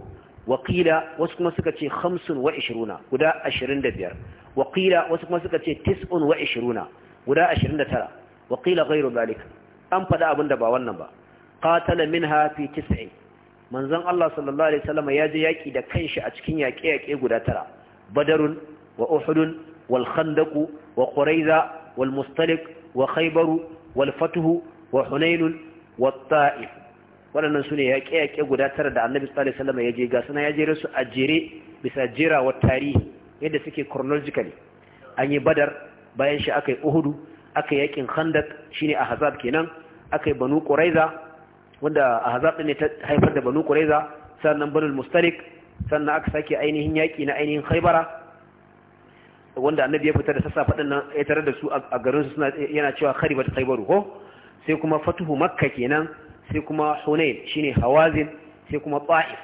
waƙila wasu kuma suka ce hamsin wa ishiruna guda ashirin da biyar waƙila wasu kuma suka ce tis'un wa ishiruna guda ashirin da tara waƙila gairu zalik an faɗa abin da ba wannan ba qatala minha fi tis'in manzon Allah sallallahu alaihi wasallam ya je yaƙi da kanshi a cikin yaƙe-yaƙe guda tara badarun wa uhudun wal khandaq wa quraiza wal wa khaybar wal fatuh wa hunain waɗannan su yaƙe-yaƙe guda tara da annabi sallallahu alaihi wasallam ya je ga suna ya jere su a jere bisa jera wa tarihi yadda suke chronologically an yi badar bayan shi akai uhudu aka yi yaƙin khandak shine ahzab kenan aka banu quraiza wanda ahzab ne ta haifar da banu quraiza sannan banu mustalik sannan aka sake ainihin yaƙi na ainihin khaybara wanda annabi ya fita da sassafe nan ya tare da su a garin su yana cewa kharibat khaybaru ko sai kuma fatuhu makka kenan sai kuma hunain shine hawazin sai kuma ta'if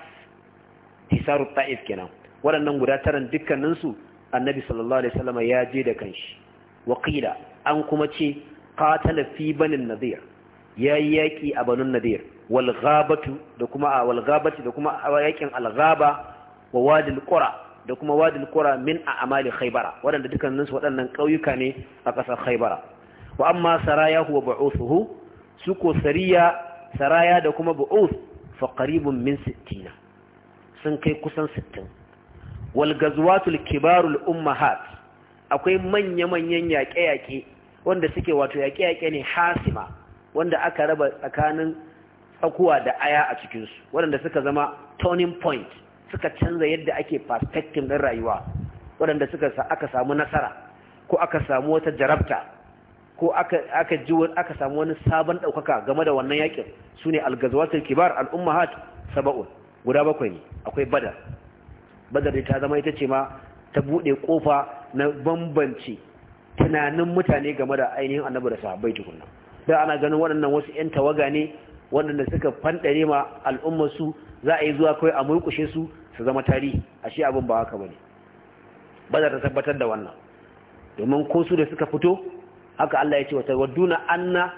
tisaru ta'if kenan waɗannan guda taran dukkanin su annabi sallallahu alaihi wasallam ya je da kanshi waqila an kuma ce qatala fi banin nadir yayi yaki a banin nadir wal ghabatu da kuma wal ghabati da kuma yakin al ghaba wa wadil qura da kuma wadil qura min a amali khaybara wadanda dukkanin su waɗannan ƙauyuka ne a ƙasar khaybara wa amma sarayahu wa bu'uthuhu su ko sariya saraya da kuma bu'uth fa qaribun min 60 sun kai kusan 60 wal gazwatul kibarul ummahat akwai manya-manyan yaƙe-yaƙe wanda suke wato yaƙe-yaƙe ne hasima wanda aka raba tsakanin tsakuwa da aya a cikinsu waɗanda suka zama turning point suka canza yadda ake perspective ɗin rayuwa waɗanda suka aka samu nasara ko aka samu wata jarabta ko aka ji aka samu wani sabon ɗaukaka game da wannan yakin su ne algazawatul kibar al'umma al'ummahat saba'un guda bakwai ne akwai badar badar ta zama ita ce ma ta buɗe ƙofa na bambanci tunanin mutane game da ainihin annabi da sahabbai tukunna da ana ganin waɗannan wasu 'yan tawaga ne waɗanda suka fanɗare ma al'ummarsu za a yi zuwa kawai a murkushe su su zama tarihi shi abin ba haka bane ba za ta tabbatar da wannan domin ko su da suka fito haka Allah ya ce wa tawadduna anna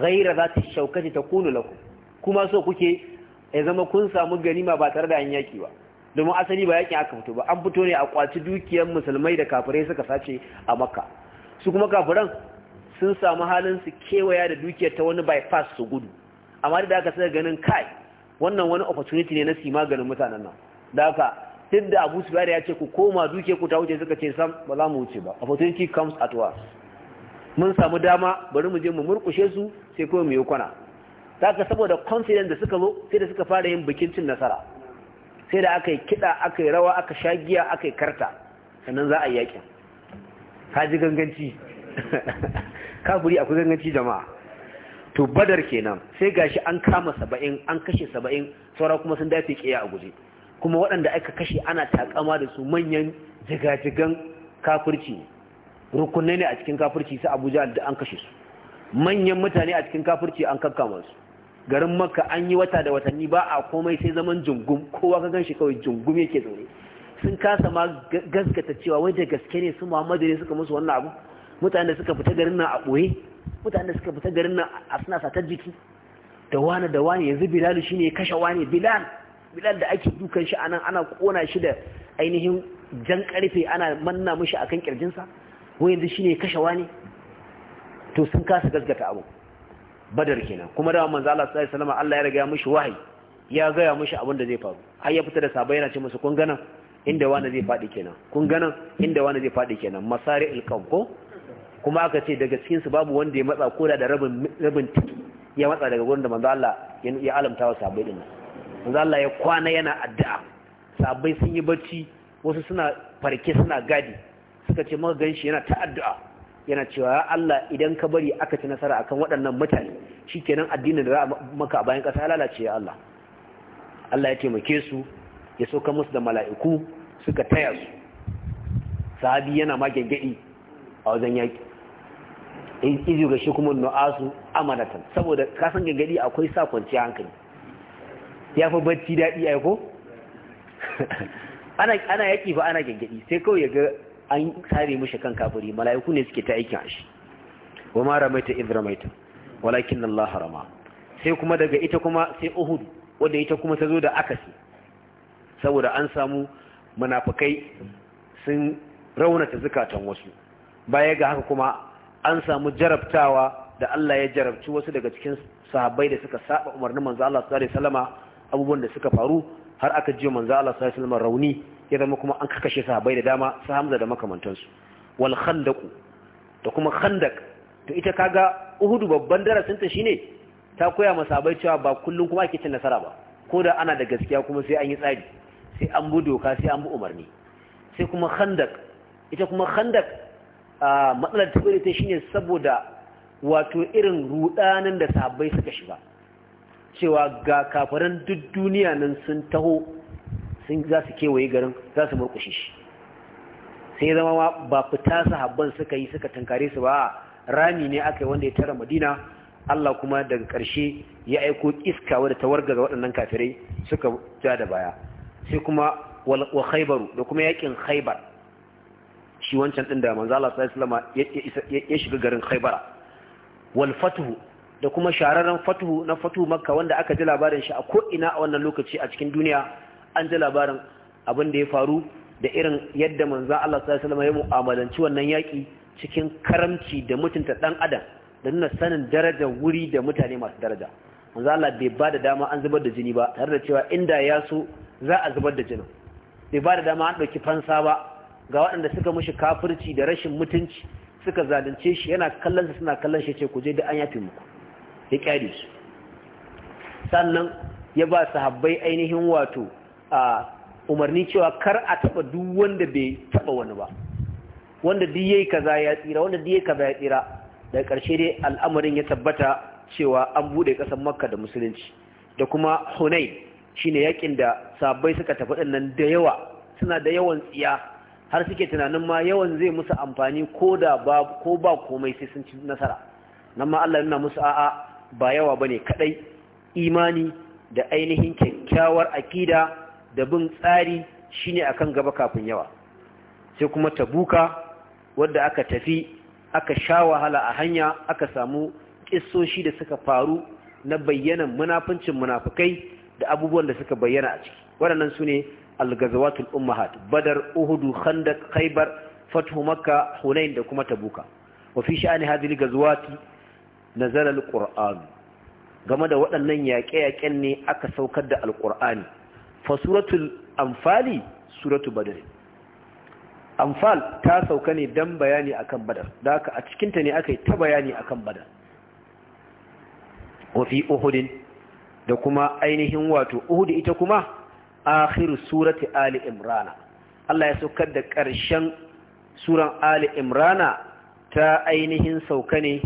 ghayra zati shaukati takunu lakum kuma so kuke ya zama kun samu ganima ba tare da an yaki ba domin asali ba yakin aka fito ba an fito ne a kwaci dukiyar musulmai da kafirai suka sace a makka su kuma kafiran sun samu halin su kewaya da dukiyar ta wani bypass su gudu amma da aka saka ganin kai wannan wani opportunity ne na si maganin mutanen nan da haka tun da abu sufiyar ya ce ku koma duke ku ta wuce suka ce sam ba za mu wuce ba opportunity comes at once mun samu dama bari mu je mu murkushe su sai kawai mu yi kwana ta ka saboda confidence da suka zo sai da suka fara yin bikin cin nasara sai da aka yi kiɗa aka yi rawa aka sha giya aka yi karta sannan za a yi yakin ka ji ganganci kafuri akwai ganganci jama'a to badar kenan sai gashi an kama saba'in an kashe saba'in saura kuma sun dace kiya a guje kuma waɗanda aka kashe ana takama da su manyan jigajigan kafirci rukunai ne a cikin kafirci su abuja da an kashe su manyan mutane a cikin kafirci an kakkama su garin makka an yi wata da watanni ba a komai sai zaman jungum kowa ka ganshi kawai jungum yake zaune sun kasa ma gaskata cewa wai da gaske ne su muhammadu ne suka musu wannan abu mutane da suka fita garin nan a ɓoye mutane da suka fita garin nan a suna satar jiki da wani da wani yanzu Bilal shi ne kashe wani bilal bilal da ake dukan shi anan ana kona shi da ainihin jan karfe ana manna mishi akan kirjinsa ko yanzu shi ne kashe wani to sun kasa gaskata abu badar kenan kuma da manzo Allah sallallahu alaihi wasallam Allah ya riga mishi wahayi ya gaya mishi abin da zai faru har ya fita da sabai yana ce musu kun ganan inda wani zai faɗi kenan kun ganan inda wani zai faɗi kenan masari alqam ko kuma aka ce daga cikin su babu wanda ya matsa koda da rabin rabin tiki ya matsa daga gurin da manzo Allah ya alamta wa sabai din manzo Allah ya kwana yana addu'a sabai sun yi bacci wasu suna farke suna gadi suka ce maka ganshi yana ta addu'a yana cewa ya Allah idan ka bari aka ci nasara akan waɗannan mutane shikenan addinin da za a maka bayan ƙasa ya lalace ya Allah Allah ya taimake su ya sauka musu da mala'iku suka taya su sahabi yana ma gengedi a wajen yaki in izu ga shi kuma nu'asu amanatan saboda kasan gangadi akwai sa kwanciya hankali ya fi bacci daɗi ai ko ana yaƙi fa ana gangadi sai kawai ya ga an sare mashi kan kafuri mala'iku ne suke ta aikin ashi wa ma ramaita idh ramaita walakin Allah harama sai kuma daga ita kuma sai Uhud wanda ita kuma ta zo da akasi saboda an samu munafikai sun raunata zukatan wasu baya ga haka kuma an samu jarabtawa da Allah ya jarabci wasu daga cikin sahabbai da suka saba umarnin manzo Allah sallallahu alaihi wasallam abubuwan da suka faru har aka ji manzo Allah sallallahu alaihi wasallam rauni ya zama kuma an kakashe sahabbai da dama su Hamza da makamantansu wal khandaq da kuma khandaq to ita kaga Uhudu babban darasin ta shine ta koya ma sahabbai cewa ba kullun kuma ake cin nasara ba ko da ana da gaskiya kuma sai an yi tsari sai an bi doka sai an bi umarni sai kuma khandaq ita kuma khandaq matsalar tabbari ta shine saboda wato irin rudanin da sahabbai suka shiga cewa ga kafaran duk duniya nan sun taho sun za su kewaye garin za su murkushe shi sai zama ba fita sahabban suka yi suka tankare su ba rami ne aka yi wanda ya tara madina Allah kuma daga ƙarshe ya aiko iska wadda ta wargaza waɗannan kafirai suka ja da baya sai kuma wa khaibaru da kuma yakin khaibar shi wancan din da manzo Allah sallallahu alaihi ya shiga garin Khaybara, wal fatuhu da kuma shararren fatuhu na fatuhu makka wanda aka ji labarin shi a ko ina a wannan lokaci a cikin duniya an ji labarin abin da ya faru da irin yadda manzo Allah sallallahu alaihi ya mu'amalanci wannan yaki cikin karamci da mutunta dan adam da nuna sanin darajar wuri da mutane masu daraja manzo Allah bai ba da dama an zubar da jini ba tare da cewa inda ya so za a zubar da jinin bai ba da dama an ɗauki fansa ba ga waɗanda suka mushi kafirci da rashin mutunci suka zalunce shi yana kallon suna kallon shi ce ku je da an yafi muku ya kyale su sannan ya ba sahabbai ainihin wato a umarni cewa kar a taba duk wanda bai taba wani ba wanda duk yayi kaza ya tsira wanda duk yayi kaza ya tsira da ƙarshe dai al'amarin ya tabbata cewa an bude ƙasar Makka da musulunci da kuma Hunain shine yakin da sahabbai suka tafi dinnan da yawa suna da yawan tsiya har suke tunanin ma yawan zai musu amfani ko da ba ko ba komai sai sun ci nasara nan ma Allah yana musu a'a ba yawa bane kadai imani da ainihin kyakkyawar akida da bin tsari shine akan gaba kafin yawa sai kuma tabuka wadda aka tafi aka sha wahala a hanya aka samu kissoshi da suka faru na bayyanan munafincin munafukai da abubuwan da suka bayyana a ciki waɗannan su ne al-gazawatul ummahat badar uhudu khandaq khaybar fathu makka hunain da kuma tabuka wa fi sha'ani hadhihi al nazala al game da waɗannan yaƙe-yaƙen ne aka saukar da Alƙur'ani. fa suratul anfali suratu badr anfal ta sauka ne dan bayani akan badar da haka a cikin ta ne aka yi ta bayani akan badar wa fi uhudin da kuma ainihin wato uhud ita kuma akhiru surati ali imrana Allah ya saukar da ƙarshen suran ali imrana ta ainihin sauka ne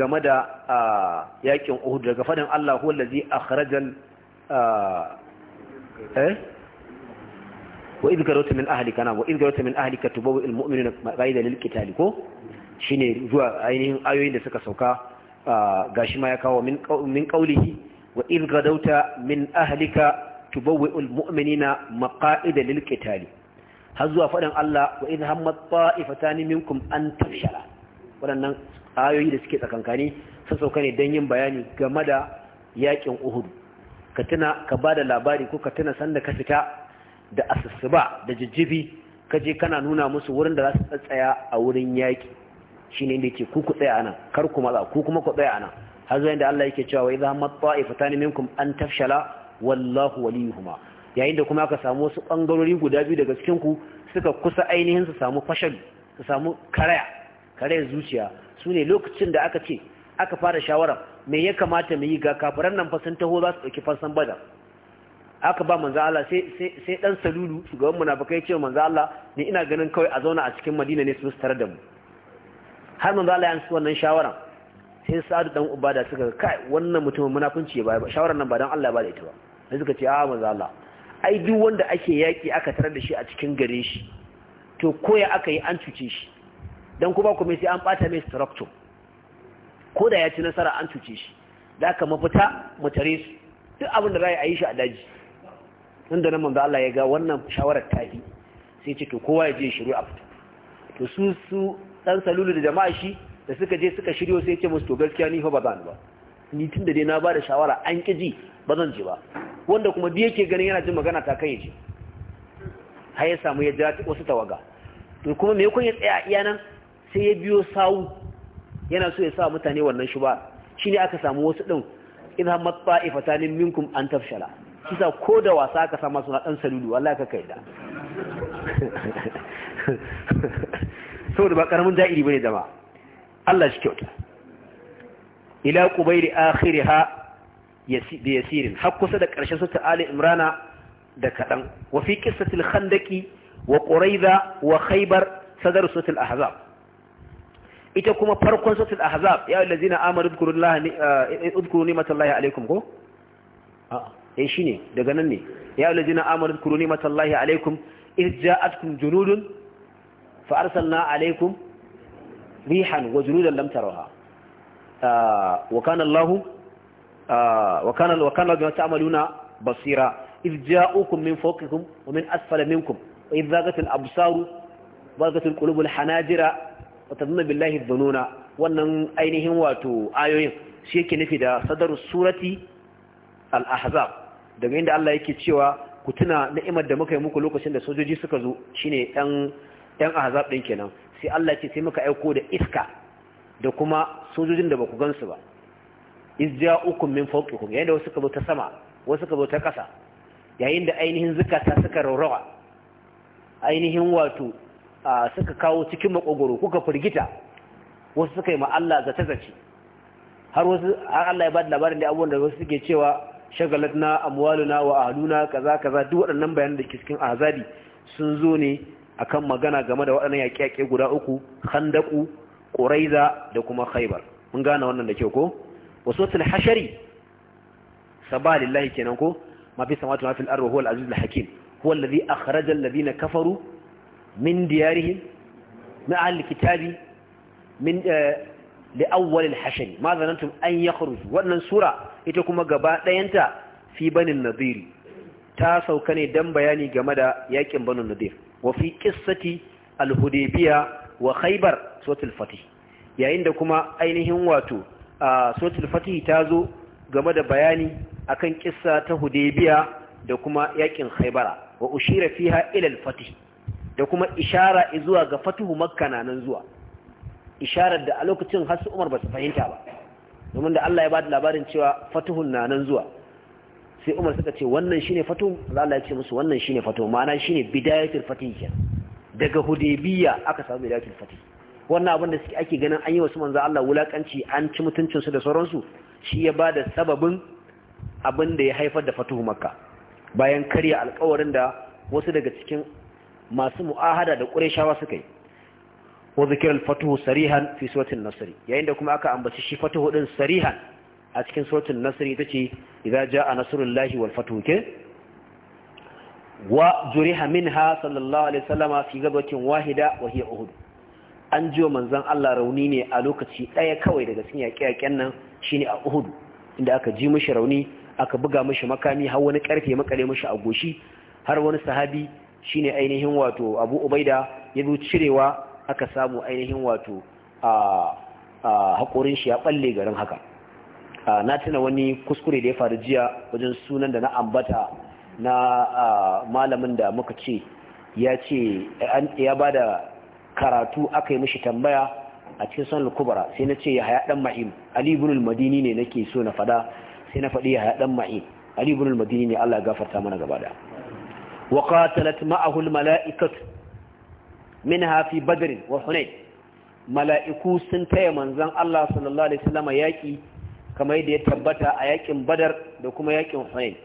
game da yakin uhud daga fadin Allah huwa allazi akhrajal eh wa idh garata min ahlika na wa idh garata min ahlika tubawu al mu'minuna qaida lil qital ko shine zuwa ainihin ayoyin da suka sauka gashi ma ya kawo min min qawlihi wa idh gadauta min ahlika tubawwi'ul mu'minina maqa'ida lil qitali har zuwa faɗin Allah wa idh hammat ta'ifatan minkum an tafshala waɗannan ayoyi da suke tsakankani sun sauka ne don yin bayani game da yakin Uhudu. ka tuna ka da labari ko ka tuna sanda ka fita da asusuba da jijjibi ka je kana nuna musu wurin da za su tsaya a wurin yaki shine inda yake ku ku tsaya anan kar ku maza ku kuma ku tsaya anan har zuwa inda Allah yake cewa wa idh hammat ta'ifatan minkum an tafshala wallahu waliyuhuma yayin da kuma aka samu wasu bangarori guda biyu daga cikin ku suka kusa ainihin su samu fashal su samu karaya karaya zuciya su ne lokacin da aka ce aka fara shawara me ya kamata mu yi ga kafiran nan fa sun taho za su dauki fansan bada aka ba manzo Allah sai sai dan salulu shugaban munafikai ce manzo Allah ni ina ganin kawai a zauna a cikin Madina ne su tare da mu har manzo Allah ya ansa wannan shawara sai sa'adu dan Ubada suka kai wannan mutumin munafunci ba shawaran nan ba dan Allah ba da ita ba sai suka ce a ah, manzo Allah ai duk wanda ake yaki aka tarar da shi a cikin gare shi to koya aka yi an cuce shi dan kuma kuma sai an bata mai structure ko da ya ci nasara an cuce shi da aka mafita mu tare su duk abin da za a yi shi a daji inda nan manzo Allah ya ga wannan shawarar tafi sai ce to kowa ya je shiru a fita to su su dan salulu da jama'a shi da suka je suka shiryo sai ce musu to gaskiya ni fa ba zan ba ni tun da dai na ba da shawara an ƙiji ba zan je ba wanda kuma biye yake ganin yana jin magana ta kan ya je har ya samu ya jira wasu tawaga to kuma me kun ya tsaya iya nan sai ya biyo sawu yana so ya sa mutane wannan shuba ne aka samu wasu din in har matsa ifatanin minkum an tafshala kisa ko da wasa aka sama suna dan salulu wallahi ka kaida saboda ba karamin da'iri bane da Allah shi kyauta ila kubairi akhiriha bi yasirin har kusa da ƙarshen sura ali imrana da kaɗan wa fi qissatil khandaqi wa quraiza wa khaybar sadar sura ahzab ita kuma farkon sura ahzab ya allazina amanu dhkurullaha ah, eh, eh, udhkuru ni'matallahi alaikum ko a'a ah, eh shine daga nan ne ya allazina amanu dhkuru ni'matallahi alaikum إذ جاءتكم جنود فأرسلنا عليكم ريحا وجنودا لم تروها wa kana wa kana wa kana bima ta'maluna basira idh ja'ukum min fawqikum wa min minkum wa al-absaru zaghat al hanajira wa tadhunna billahi dhununa wannan ainihin wato ayoyin shi yake nufi da sadarus surati al-ahzab daga inda Allah yake cewa ku tuna ni'imar da muka yi muku lokacin da sojoji suka zo shine dan dan ahzab din kenan sai Allah ce sai muka aiko da iska da kuma sojojin da ba ku gansu ba izja ukun min fawqikum yayin da wasu suka ta sama wasu suka ta ƙasa yayin da ainihin zukata suka raurawa ainihin wato suka kawo cikin makogoro kuka firgita wasu suka yi ma Allah zata zace har wasu har Allah ya ba da labarin da abubuwan da wasu suke cewa shagalatna amwaluna wa ahluna kaza kaza duk waɗannan bayanan da ke cikin azabi sun zo ne akan magana game da waɗannan yaƙe-yaƙe guda uku khandaku ƙuraiza da kuma khaibar mun gane wannan da kyau ko wasotul hashari saba kenan ko ma fi samawati ma fil huwa al-aziz al-hakim huwa kafaru min diyarihim min ahli kitabi min eh, li hashari ma zanantum an wannan sura ita kuma gaba ɗayanta fi banin nadiri ta sauka ne dan bayani game da yakin banin nadir wa fi qissati al-hudaybiyah wa khaybar suratul fatih yayin da kuma ainihin wato a suratul fatih ta zo game da bayani akan kissa ta hudebiya da kuma yakin khaybara wa ushira fiha ila fatih da kuma ishara zuwa ga fatuhu makka nan zuwa isharar da a lokacin har su umar ba su fahimta ba domin da Allah ya ba da labarin cewa fatihun na nan zuwa sai umar suka ce wannan shine fatuhun Allah ya ce musu wannan shine fatuhun ma'ana shine bidayatul fatih kenan daga hudaybiya aka samu bilatul fatih wannan abin da suke ake ganin an yi wasu manzo Allah wulakanci an ci mutuncin su da sauransu shi ya bada sababin abin da ya haifar da fatuhu makka bayan karya alƙawarin da wasu daga cikin masu mu'ahada da qurayshawa suka yi wa zikr al-fatuhu sarihan fi suratul nasr yayin da kuma aka ambaci shi fatuhu din sarihan a cikin suratul nasr ita ce idza jaa nasrullahi wal fatuhu ke wa juriha minha sallallahu alaihi wasallama fi gabatin wahida wa hiya uhud an jiwa manzon Allah rauni ne a lokaci daya kawai daga cikin yaƙe-yaƙen nan shine a uhud inda aka ji mishi rauni aka buga mishi makami har wani karfe makale mishi a goshi har wani sahabi shine ainihin wato Abu Ubaida ya zo cirewa aka samu ainihin wato a hakorin shi ya balle garin haka na tuna wani kuskure da ya faru jiya wajen sunan da na ambata na malamin da muka ce ya ce ya ba da karatu aka yi mishi tambaya a cikin sanar kubara sai na ce ya haya dan ma'im alibunul madini ne nake so na fada sai na faɗi ya haya dan ma'im alibunul madini ne Allah ya gafarta mana gaba da wa qatalat ma'ahu al-mala'ikatu minha fi wa hunayn mala'iku sun taya manzon Allah sallallahu alaihi wasallam yaki kamar yadda ya tabbata a yakin badar da kuma yakin hunayn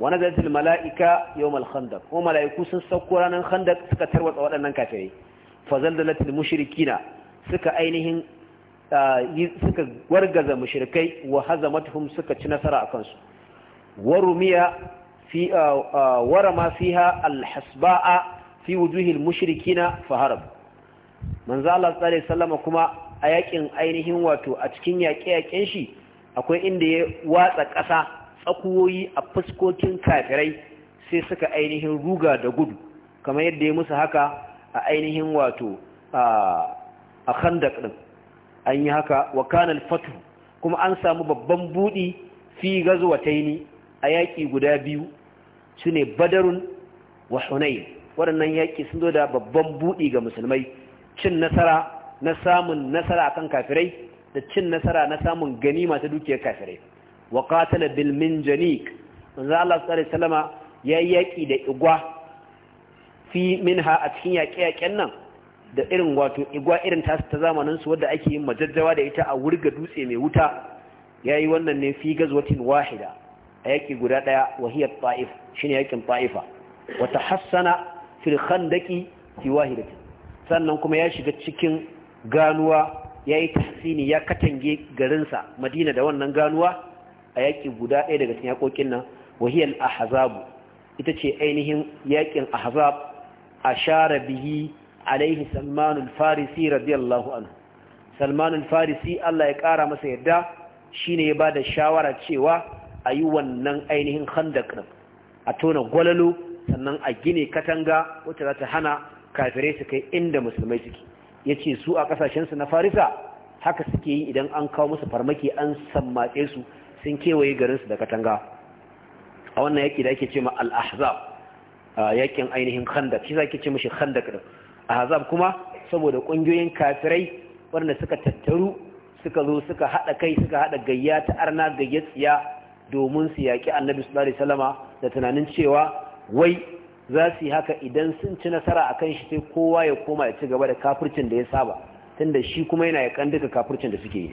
wani zartil mala'ika yau malhandak ko mala'iku sun sauko ranar handar suka tarwatsa waɗannan kafirai fazal da latin na suka ainihin suka gwargaza mushirikai wa hazamatuhum suka ci nasara a kansu warumiya fi fi ha alhasba'a fi wujuhil mushrikina faharab manzo Allah sallallahu alaihi kuma a yakin ainihin wato a cikin yaƙe-yaƙen shi akwai inda ya watsa ƙasa tsakuwoyi a fuskokin kafirai sai suka ainihin ruga da gudu kamar yadda ya musu haka a ainihin wato a khandak din an yi haka wa kanal fatu kuma an samu babban budi fi gazwataini a yaki guda biyu shine badarun wa hunayn waɗannan yaki sun zo da babban budi ga musulmai cin nasara na samun nasara akan kafirai da cin nasara na samun ganima ta dukiyar kafirai wa qatala bil minjanik manzo Allah sallallahu alaihi wasallam ya yaki da igwa fi minha a cikin yaƙe-yaƙen nan da irin wato igwa irin tasu ta zamanin su wanda ake yin majajjawa da ita a wurga dutse mai wuta yayi wannan ne fi gazwatin wahida a yaƙi guda ɗaya wahiyar ta'if shine yaƙin ta'ifa wa tahassana fil khandaki fi wahidatin sannan kuma ya shiga cikin ganuwa yayi yi tahsini ya katange garinsa madina da wannan ganuwa a yaƙi guda ɗaya daga cikin yaƙoƙin nan wahiyar ahzabu ita ce ainihin yaƙin ahzab share bihi alaihi salmanul farisi radiyallahu anhu salmanul farisi Allah ya ƙara masa yadda shine ya ba da shawara cewa a yi wannan ainihin khandak din a tona gwalalo sannan a gine katanga wacce za ta hana kafirai su kai inda musulmai suke ya ce su a ƙasashensu na farisa haka suke yi idan an kawo musu farmaki an sammatse su sun kewaye garinsu da katanga a wannan yaki da ake ce ma al-ahzab yakin ainihin khandak shi zaki ce mishi khandak din ahzab kuma saboda kungiyoyin kafirai wanda suka tattaru suka zo suka hada kai suka hada gayya ta arna gayya tsiya domin su yaki annabi sallallahu alaihi wasallama da tunanin cewa wai za su yi haka idan sun ci nasara akan shi sai kowa ya koma ya ci gaba da kafircin da ya saba tunda shi kuma yana ya kan duka kafircin da suke yi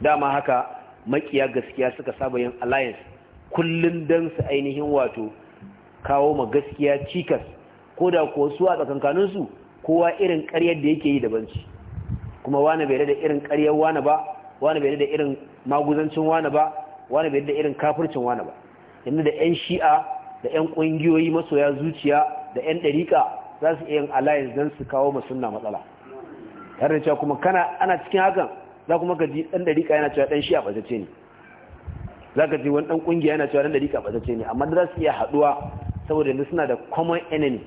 dama haka makiya gaskiya suka saba yin alliance kullum don su ainihin wato kawo ma gaskiya cikas ko da kuwa su a tsakankaninsu kowa irin karyar da yake yi da banci kuma wani bai da irin karyar wani ba wani bai da irin maguzancin wani ba wani bai da irin kafircin wani ba inda da 'yan shi'a da 'yan ƙungiyoyi masoya zuciya da 'yan ɗariƙa za su iya yin alliance don su kawo ma sunna matsala tare cewa kuma kana ana cikin hakan za kuma ka ji ɗan ɗariƙa yana cewa ɗan shi a ɓasace ne za ka ji wani ɗan ƙungiya yana cewa ɗan ɗariƙa ɓasace ne amma za su iya haɗuwa saboda yanzu suna da common enemy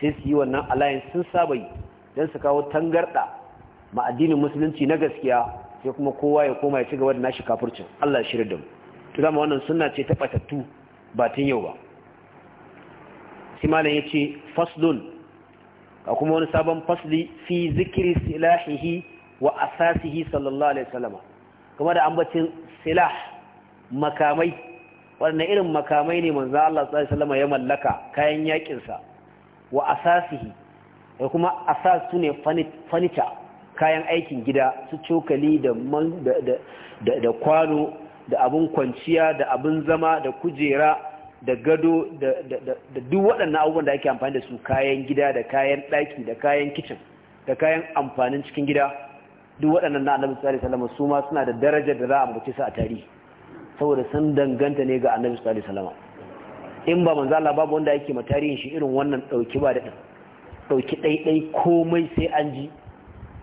sai su yi wannan alliance sun saba yi don su kawo tangarɗa ma addinin musulunci na gaskiya sai kuma kowa ya koma ya ci gaba da nashi kafurcin Allah shirin da mu to wannan suna ce ta ɓatattu ba tun yau ba malam ya ce faslun a kuma wani sabon fasli fi zikiri silahihi wa asasihi sallallahu alaihi wasallama kuma da ambacin silah makamai wannan irin makamai ne manzo Allah sallallahu alaihi wasallama ya mallaka kayan yakin sa wa asasihi da kuma asas sune furniture kayan aikin gida su cokali da da kwano da abun kwanciya da abun zama da kujera da gado da duk waɗannan abubuwan da ake amfani da su kayan gida da kayan ɗaki da kayan kicin da kayan amfanin cikin gida duk waɗannan na annabi sallallahu alaihi wasallam su ma suna da darajar da za a mutu su a tarihi saboda sun danganta ne ga annabi sallallahu alaihi wasallam in ba manzo Allah babu wanda yake ma tarihin shi irin wannan dauki ba da dauki dai komai sai an ji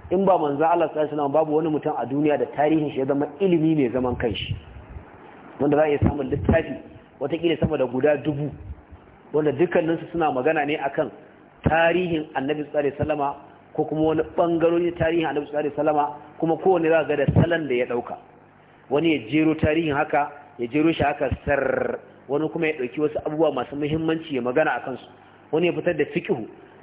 in ba manzo Allah sallallahu alaihi wasallam babu wani mutum a duniya da tarihin shi ya zama ilimi ne zaman kanshi wanda za a iya samun littafi watakila sama da guda dubu wanda dukkaninsu suna magana ne akan tarihin annabi sallallahu alaihi wasallama ko kuma wani bangarori tarihin annabi sallallahu alaihi wasallama kuma kowanne za ga da salon da ya dauka wani ya jero tarihin haka ya jero shi haka sar wani kuma ya dauki wasu abubuwa masu muhimmanci ya magana akan su wani ya fitar da fiqh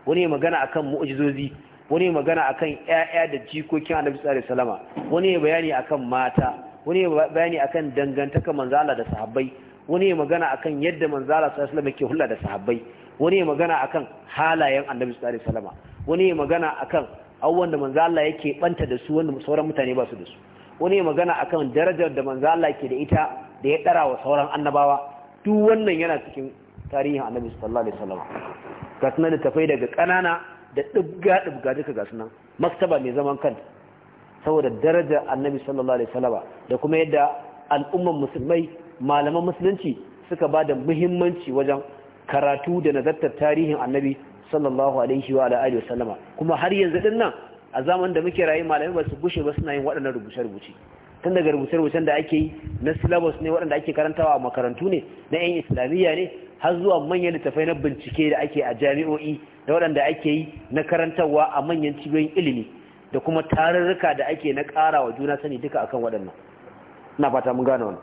wani ya magana akan mu'jizozi wani ya magana akan ƴaƴa da jikokin annabi sallallahu alaihi wasallama wani ya bayani akan mata wani ya bayani akan dangantaka manzo Allah da sahabbai wani ya magana akan yadda manzo Allah sallallahu alaihi wasallam yake hulɗa da sahabbai wani ya magana akan halayen annabi sallallahu alaihi wasallama wani ya magana akan abubuwan da manzo Allah yake banta da su wanda sauran mutane ba su da su wani ya magana akan darajar da manzo Allah ke da ita da ya dara wa sauran annabawa duk wannan yana cikin tarihin annabi sallallahu alaihi wasallam ga sunan da tafai daga kanana da dubga dubga duka ga sunan maktaba mai zaman kanta saboda darajar annabi sallallahu alaihi wasallam da kuma yadda al'umman musulmai malaman musulunci suka ba da muhimmanci wajen karatu da nazartar tarihin annabi sallallahu alaihi wa alihi wasallama kuma har yanzu din nan a zaman da muke rayuwa malamai ba su gushe ba suna yin waɗannan rubuce-rubuce tun daga rubuce-rubucen da ake yi na syllabus ne waɗanda ake karantawa a makarantu ne na 'yan islamiyya ne har zuwa manyan littafai na bincike da ake a jami'o'i da waɗanda ake yi na karantarwa a manyan cibiyoyin ilimi da kuma tarurruka da ake na ƙara wa juna sani duka akan waɗannan ina fata mun gane wannan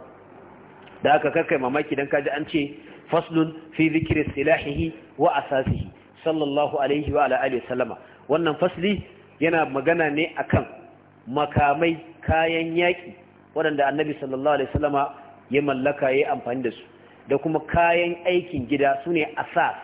da haka karkai mamaki dan kaji an ce faslun fi zikri silahihi wa asasihi sallallahu alaihi wa alihi sallama wannan fasli yana magana ne akan makamai kayan yaƙi, waɗanda annabi sallallahu alaihi sallama ya mallaka ya amfani da su da kuma kayan aikin gida su ne asas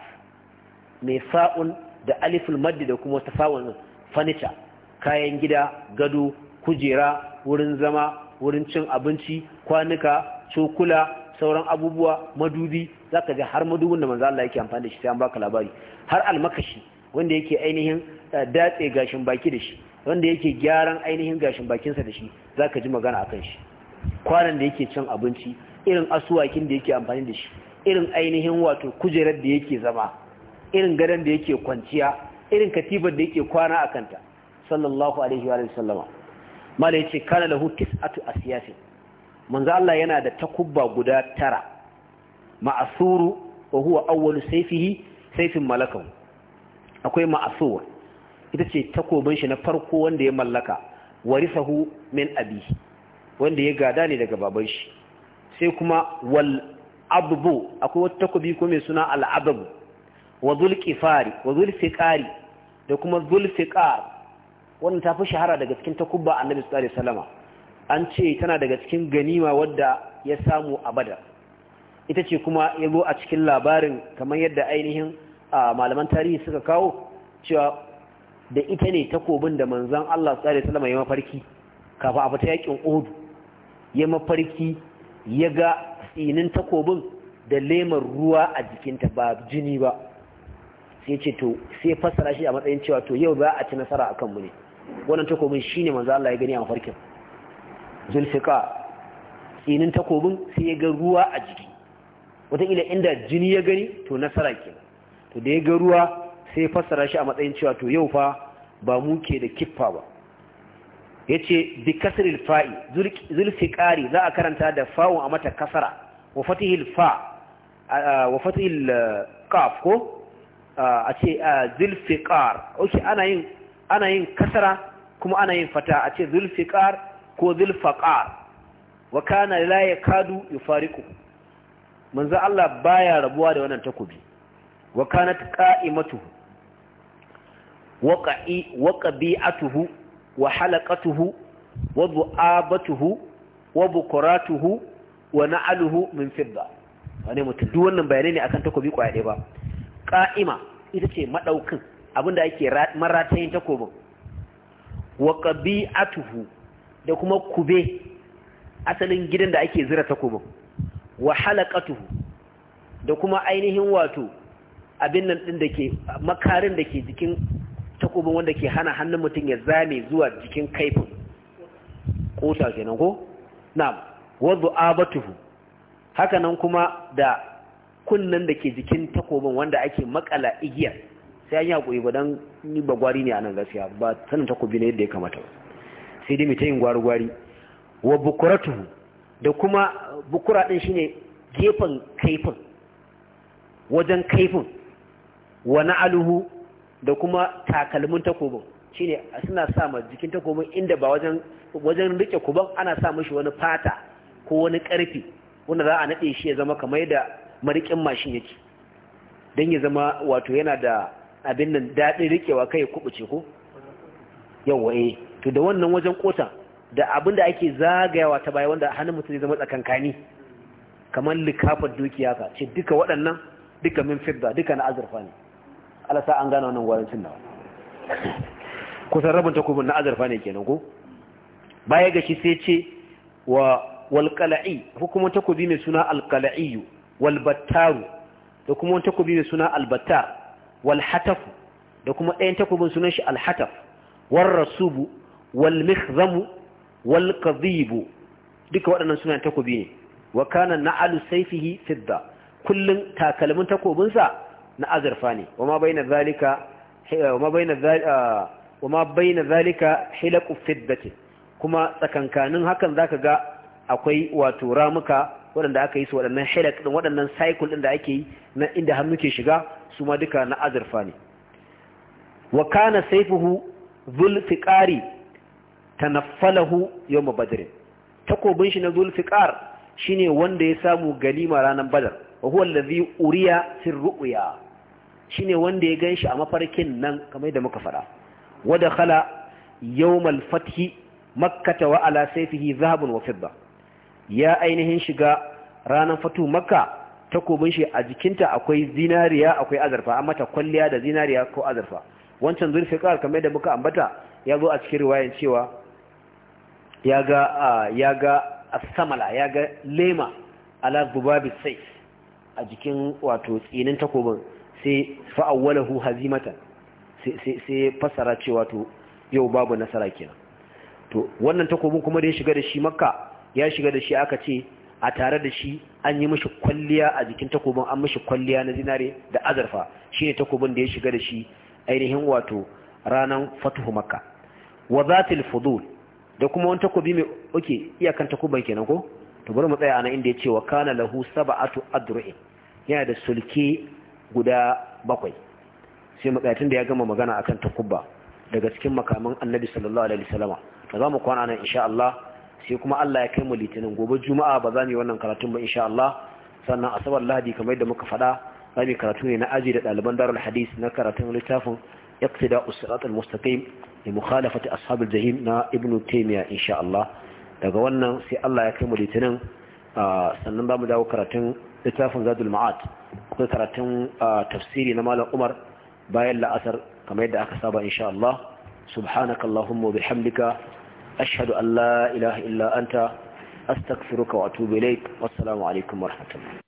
mai sa'un da aliful maddi da kuma wata sa'un fanita. kayan gida gado kujera wurin zama wurin cin abinci kwanuka cokula sauran abubuwa madubi za ka ga har madubin da manzo Allah yake amfani da shi sai an baka labari har almakashi wanda yake ainihin eh, datse gashin baki da shi wanda yake gyaran ainihin gashin bakinsa da shi za ka ji magana akan shi kwanan da yake cin abinci irin asuwakin da yake amfani da shi irin ainihin wato kujerar da yake zama irin gadon da yake kwanciya irin katibar da yake kwana a kanta sallallahu alaihi wa sallama mala yace kana lahu tis'atu asiyasi manzo Allah yana da takubba guda tara ma'asuru wa huwa awwalu sayfihi sayfin malakahu akwai ma'asur ita ce takobin shi na farko wanda ya mallaka warisahu min abi wanda ya gada ne daga baban shi sai kuma wal abbu akwai wata takobi ko mai suna al abbu wa zul qifari wa zul fiqari da kuma zul fiqar wannan ta fi shahara daga cikin takubba annabi sallallahu alaihi wasallama an ce tana daga cikin ganima wadda ya samu a ita ce kuma ya zo a cikin labarin kamar yadda ainihin a malaman tarihi suka kawo cewa da ita ne takobin da manzan Allah tsari salama ya mafarki kafin a fita yakin odu ya mafarki ya ga tsinin takobin da lemar ruwa a jikinta ba jini ba sai ce to sai fassara shi a matsayin cewa to yau za a ci nasara a kanmu ne wannan takobin ne manzan Allah ya gani a mafarkin zulfika tsinin takobin sai ya ga ruwa a jiki wataƙila inda jini ya gani to nasara ke to da ya ga ruwa sai ya fassara shi a matsayin cewa to yau fa ba mu ke da kiffa ba ya ce bi kasril fa'i zulfiƙari za a karanta da fa'un a mata kasara wa fatihil fa wa eh, qaf ko a ce zulfiƙar oke ana yin ana yin kasara kuma ana yin fata a ce zulfiƙar ko zulfaƙar wa kana la yakadu fariku manzo Allah baya rabuwa da wannan takobi wa kanat qa'imatuhu wa qa'i wa qabi'atuhu wa halaqatuhu wa du'abatuhu wa bukuratuhu wa na'aluhu min fidda wani mutum duk wannan bayanai ne akan takobi kwaya ɗaya ba qa'ima ita ce madaukin abinda ake maratayin takobin wa qabi'atuhu da kuma kube asalin gidan da ake zira takobin wa halaqatuhu da kuma ainihin wato abin nan din dake makarin dake jikin takobin wanda ke hana hannun mutum ya zame zuwa jikin kaifin ke nan ko na'am wa du'abatuhu haka nan kuma da kunnan da ke jikin takobin wanda ake makala igiyar sai an yi hakuri ba dan ni ba gwari ne a nan gaskiya ba sanin takobi ne yadda ya kamata sai dai mu ta yin gwari gwari wa bukuratuhu da kuma bukura ɗin shine gefen kaifin wajen kaifin wani aluhu, da kuma takalmin takobin shine suna sa ma jikin takobin inda ba wajen wajen rike kuban ana sa mishi wani fata ko wani ƙarfi, wanda za a naɗe shi ya zama kamar da marikin mashin yake don ya zama wato yana da abin nan daɗin rikewa kai kubuce ko yawa eh to da wannan wajen ƙotan. da abin da ake zagayawa ta baya wanda hannun mutum zai zama tsakankani kamar likafar dukiya ka ce duka waɗannan duka min fidda duka na azurfa ne alasa an gane wannan gwarancin nawa kusan rabin takobin na azurfa ne kenan ko baya ga shi sai ce wa walƙala'i hukumar takobi mai suna alqala'i walbattaru da kuma wani takobi mai suna albattar walhatafu da kuma ɗayan takobin sunan shi alhataf warrasubu walmikhzamu Walƙazibu duka waɗannan suna takobi ne wa kana na'alu sayfihi fidda kullun takalmin takobinsa sa na azurfa ne wa ma zalika wa ma baina zalika wa ma zalika hilaqu fiddati kuma tsakankanin hakan zaka ga akwai wato ramuka waɗanda aka yi su waɗannan hilaq din waɗannan cycle din da ake yi na inda hannu ke shiga su ma duka na azurfa ne wa kana sayfuhu dhul fiqari tanaffalahu ma badr takobin shi na shi ne wanda ya samu galima ranar badar wa huwa allazi uriya fi shi ne wanda ya ganshi a mafarkin nan kamar da muka fara wa dakhala yawm al-fathi makkah wa ala sayfihi dhahabun wa fidda ya ainihin shiga ranar fatu makka takobin shi a jikinta akwai zinariya akwai azurfa an mata kwalliya da zinariya ko azurfa wancan zulfiqar kamar da muka ambata ya zo a cikin riwayan cewa ya ga ya asamala ya ga lema ala zubabi sai a jikin wato tsinin takobin sai fa'awwalahu hazimata sai fasara ce wato yau babu nasara kenan to wannan takobin kuma da ya shiga da shi makka ya shiga da shi aka ce a tare da shi an yi mishi kwalliya a jikin takobin an mishi kwalliya na zinare da azurfa shine takobin da ya shiga da shi ainihin wato ranar fatuhu makka wa zatil fudul da kuma wani takobi mai oke iyakan takuban kenan ko to bari mu tsaya ana inda ya ce wa kana lahu saba'atu adru'in yana da sulke guda bakwai sai makayatun da ya gama magana akan takuba daga cikin makamin annabi sallallahu alaihi wasallama to za mu kwana nan insha Allah sai kuma Allah ya kai mu litinin gobe juma'a ba za mu yi wannan karatun ba insha Allah sannan asabar lahadi kamar yadda muka faɗa za mu karatu ne na aji da ɗaliban darul hadis na karatun littafin iqtida usirat al-mustaqim li mukhalafati ashabul jahim na ibn taymiya insha Allah daga wannan sai Allah ya kai mu litinin sannan zamu dawo karatun littafin zadul ma'ad akwai karatun tafsiri na malam Umar bayan la'asar kamar yadda aka saba insha Allah subhanakallahumma bihamdika ashhadu an la ilaha illa anta astaghfiruka wa atubu ilaik wassalamu alaikum warahmatullahi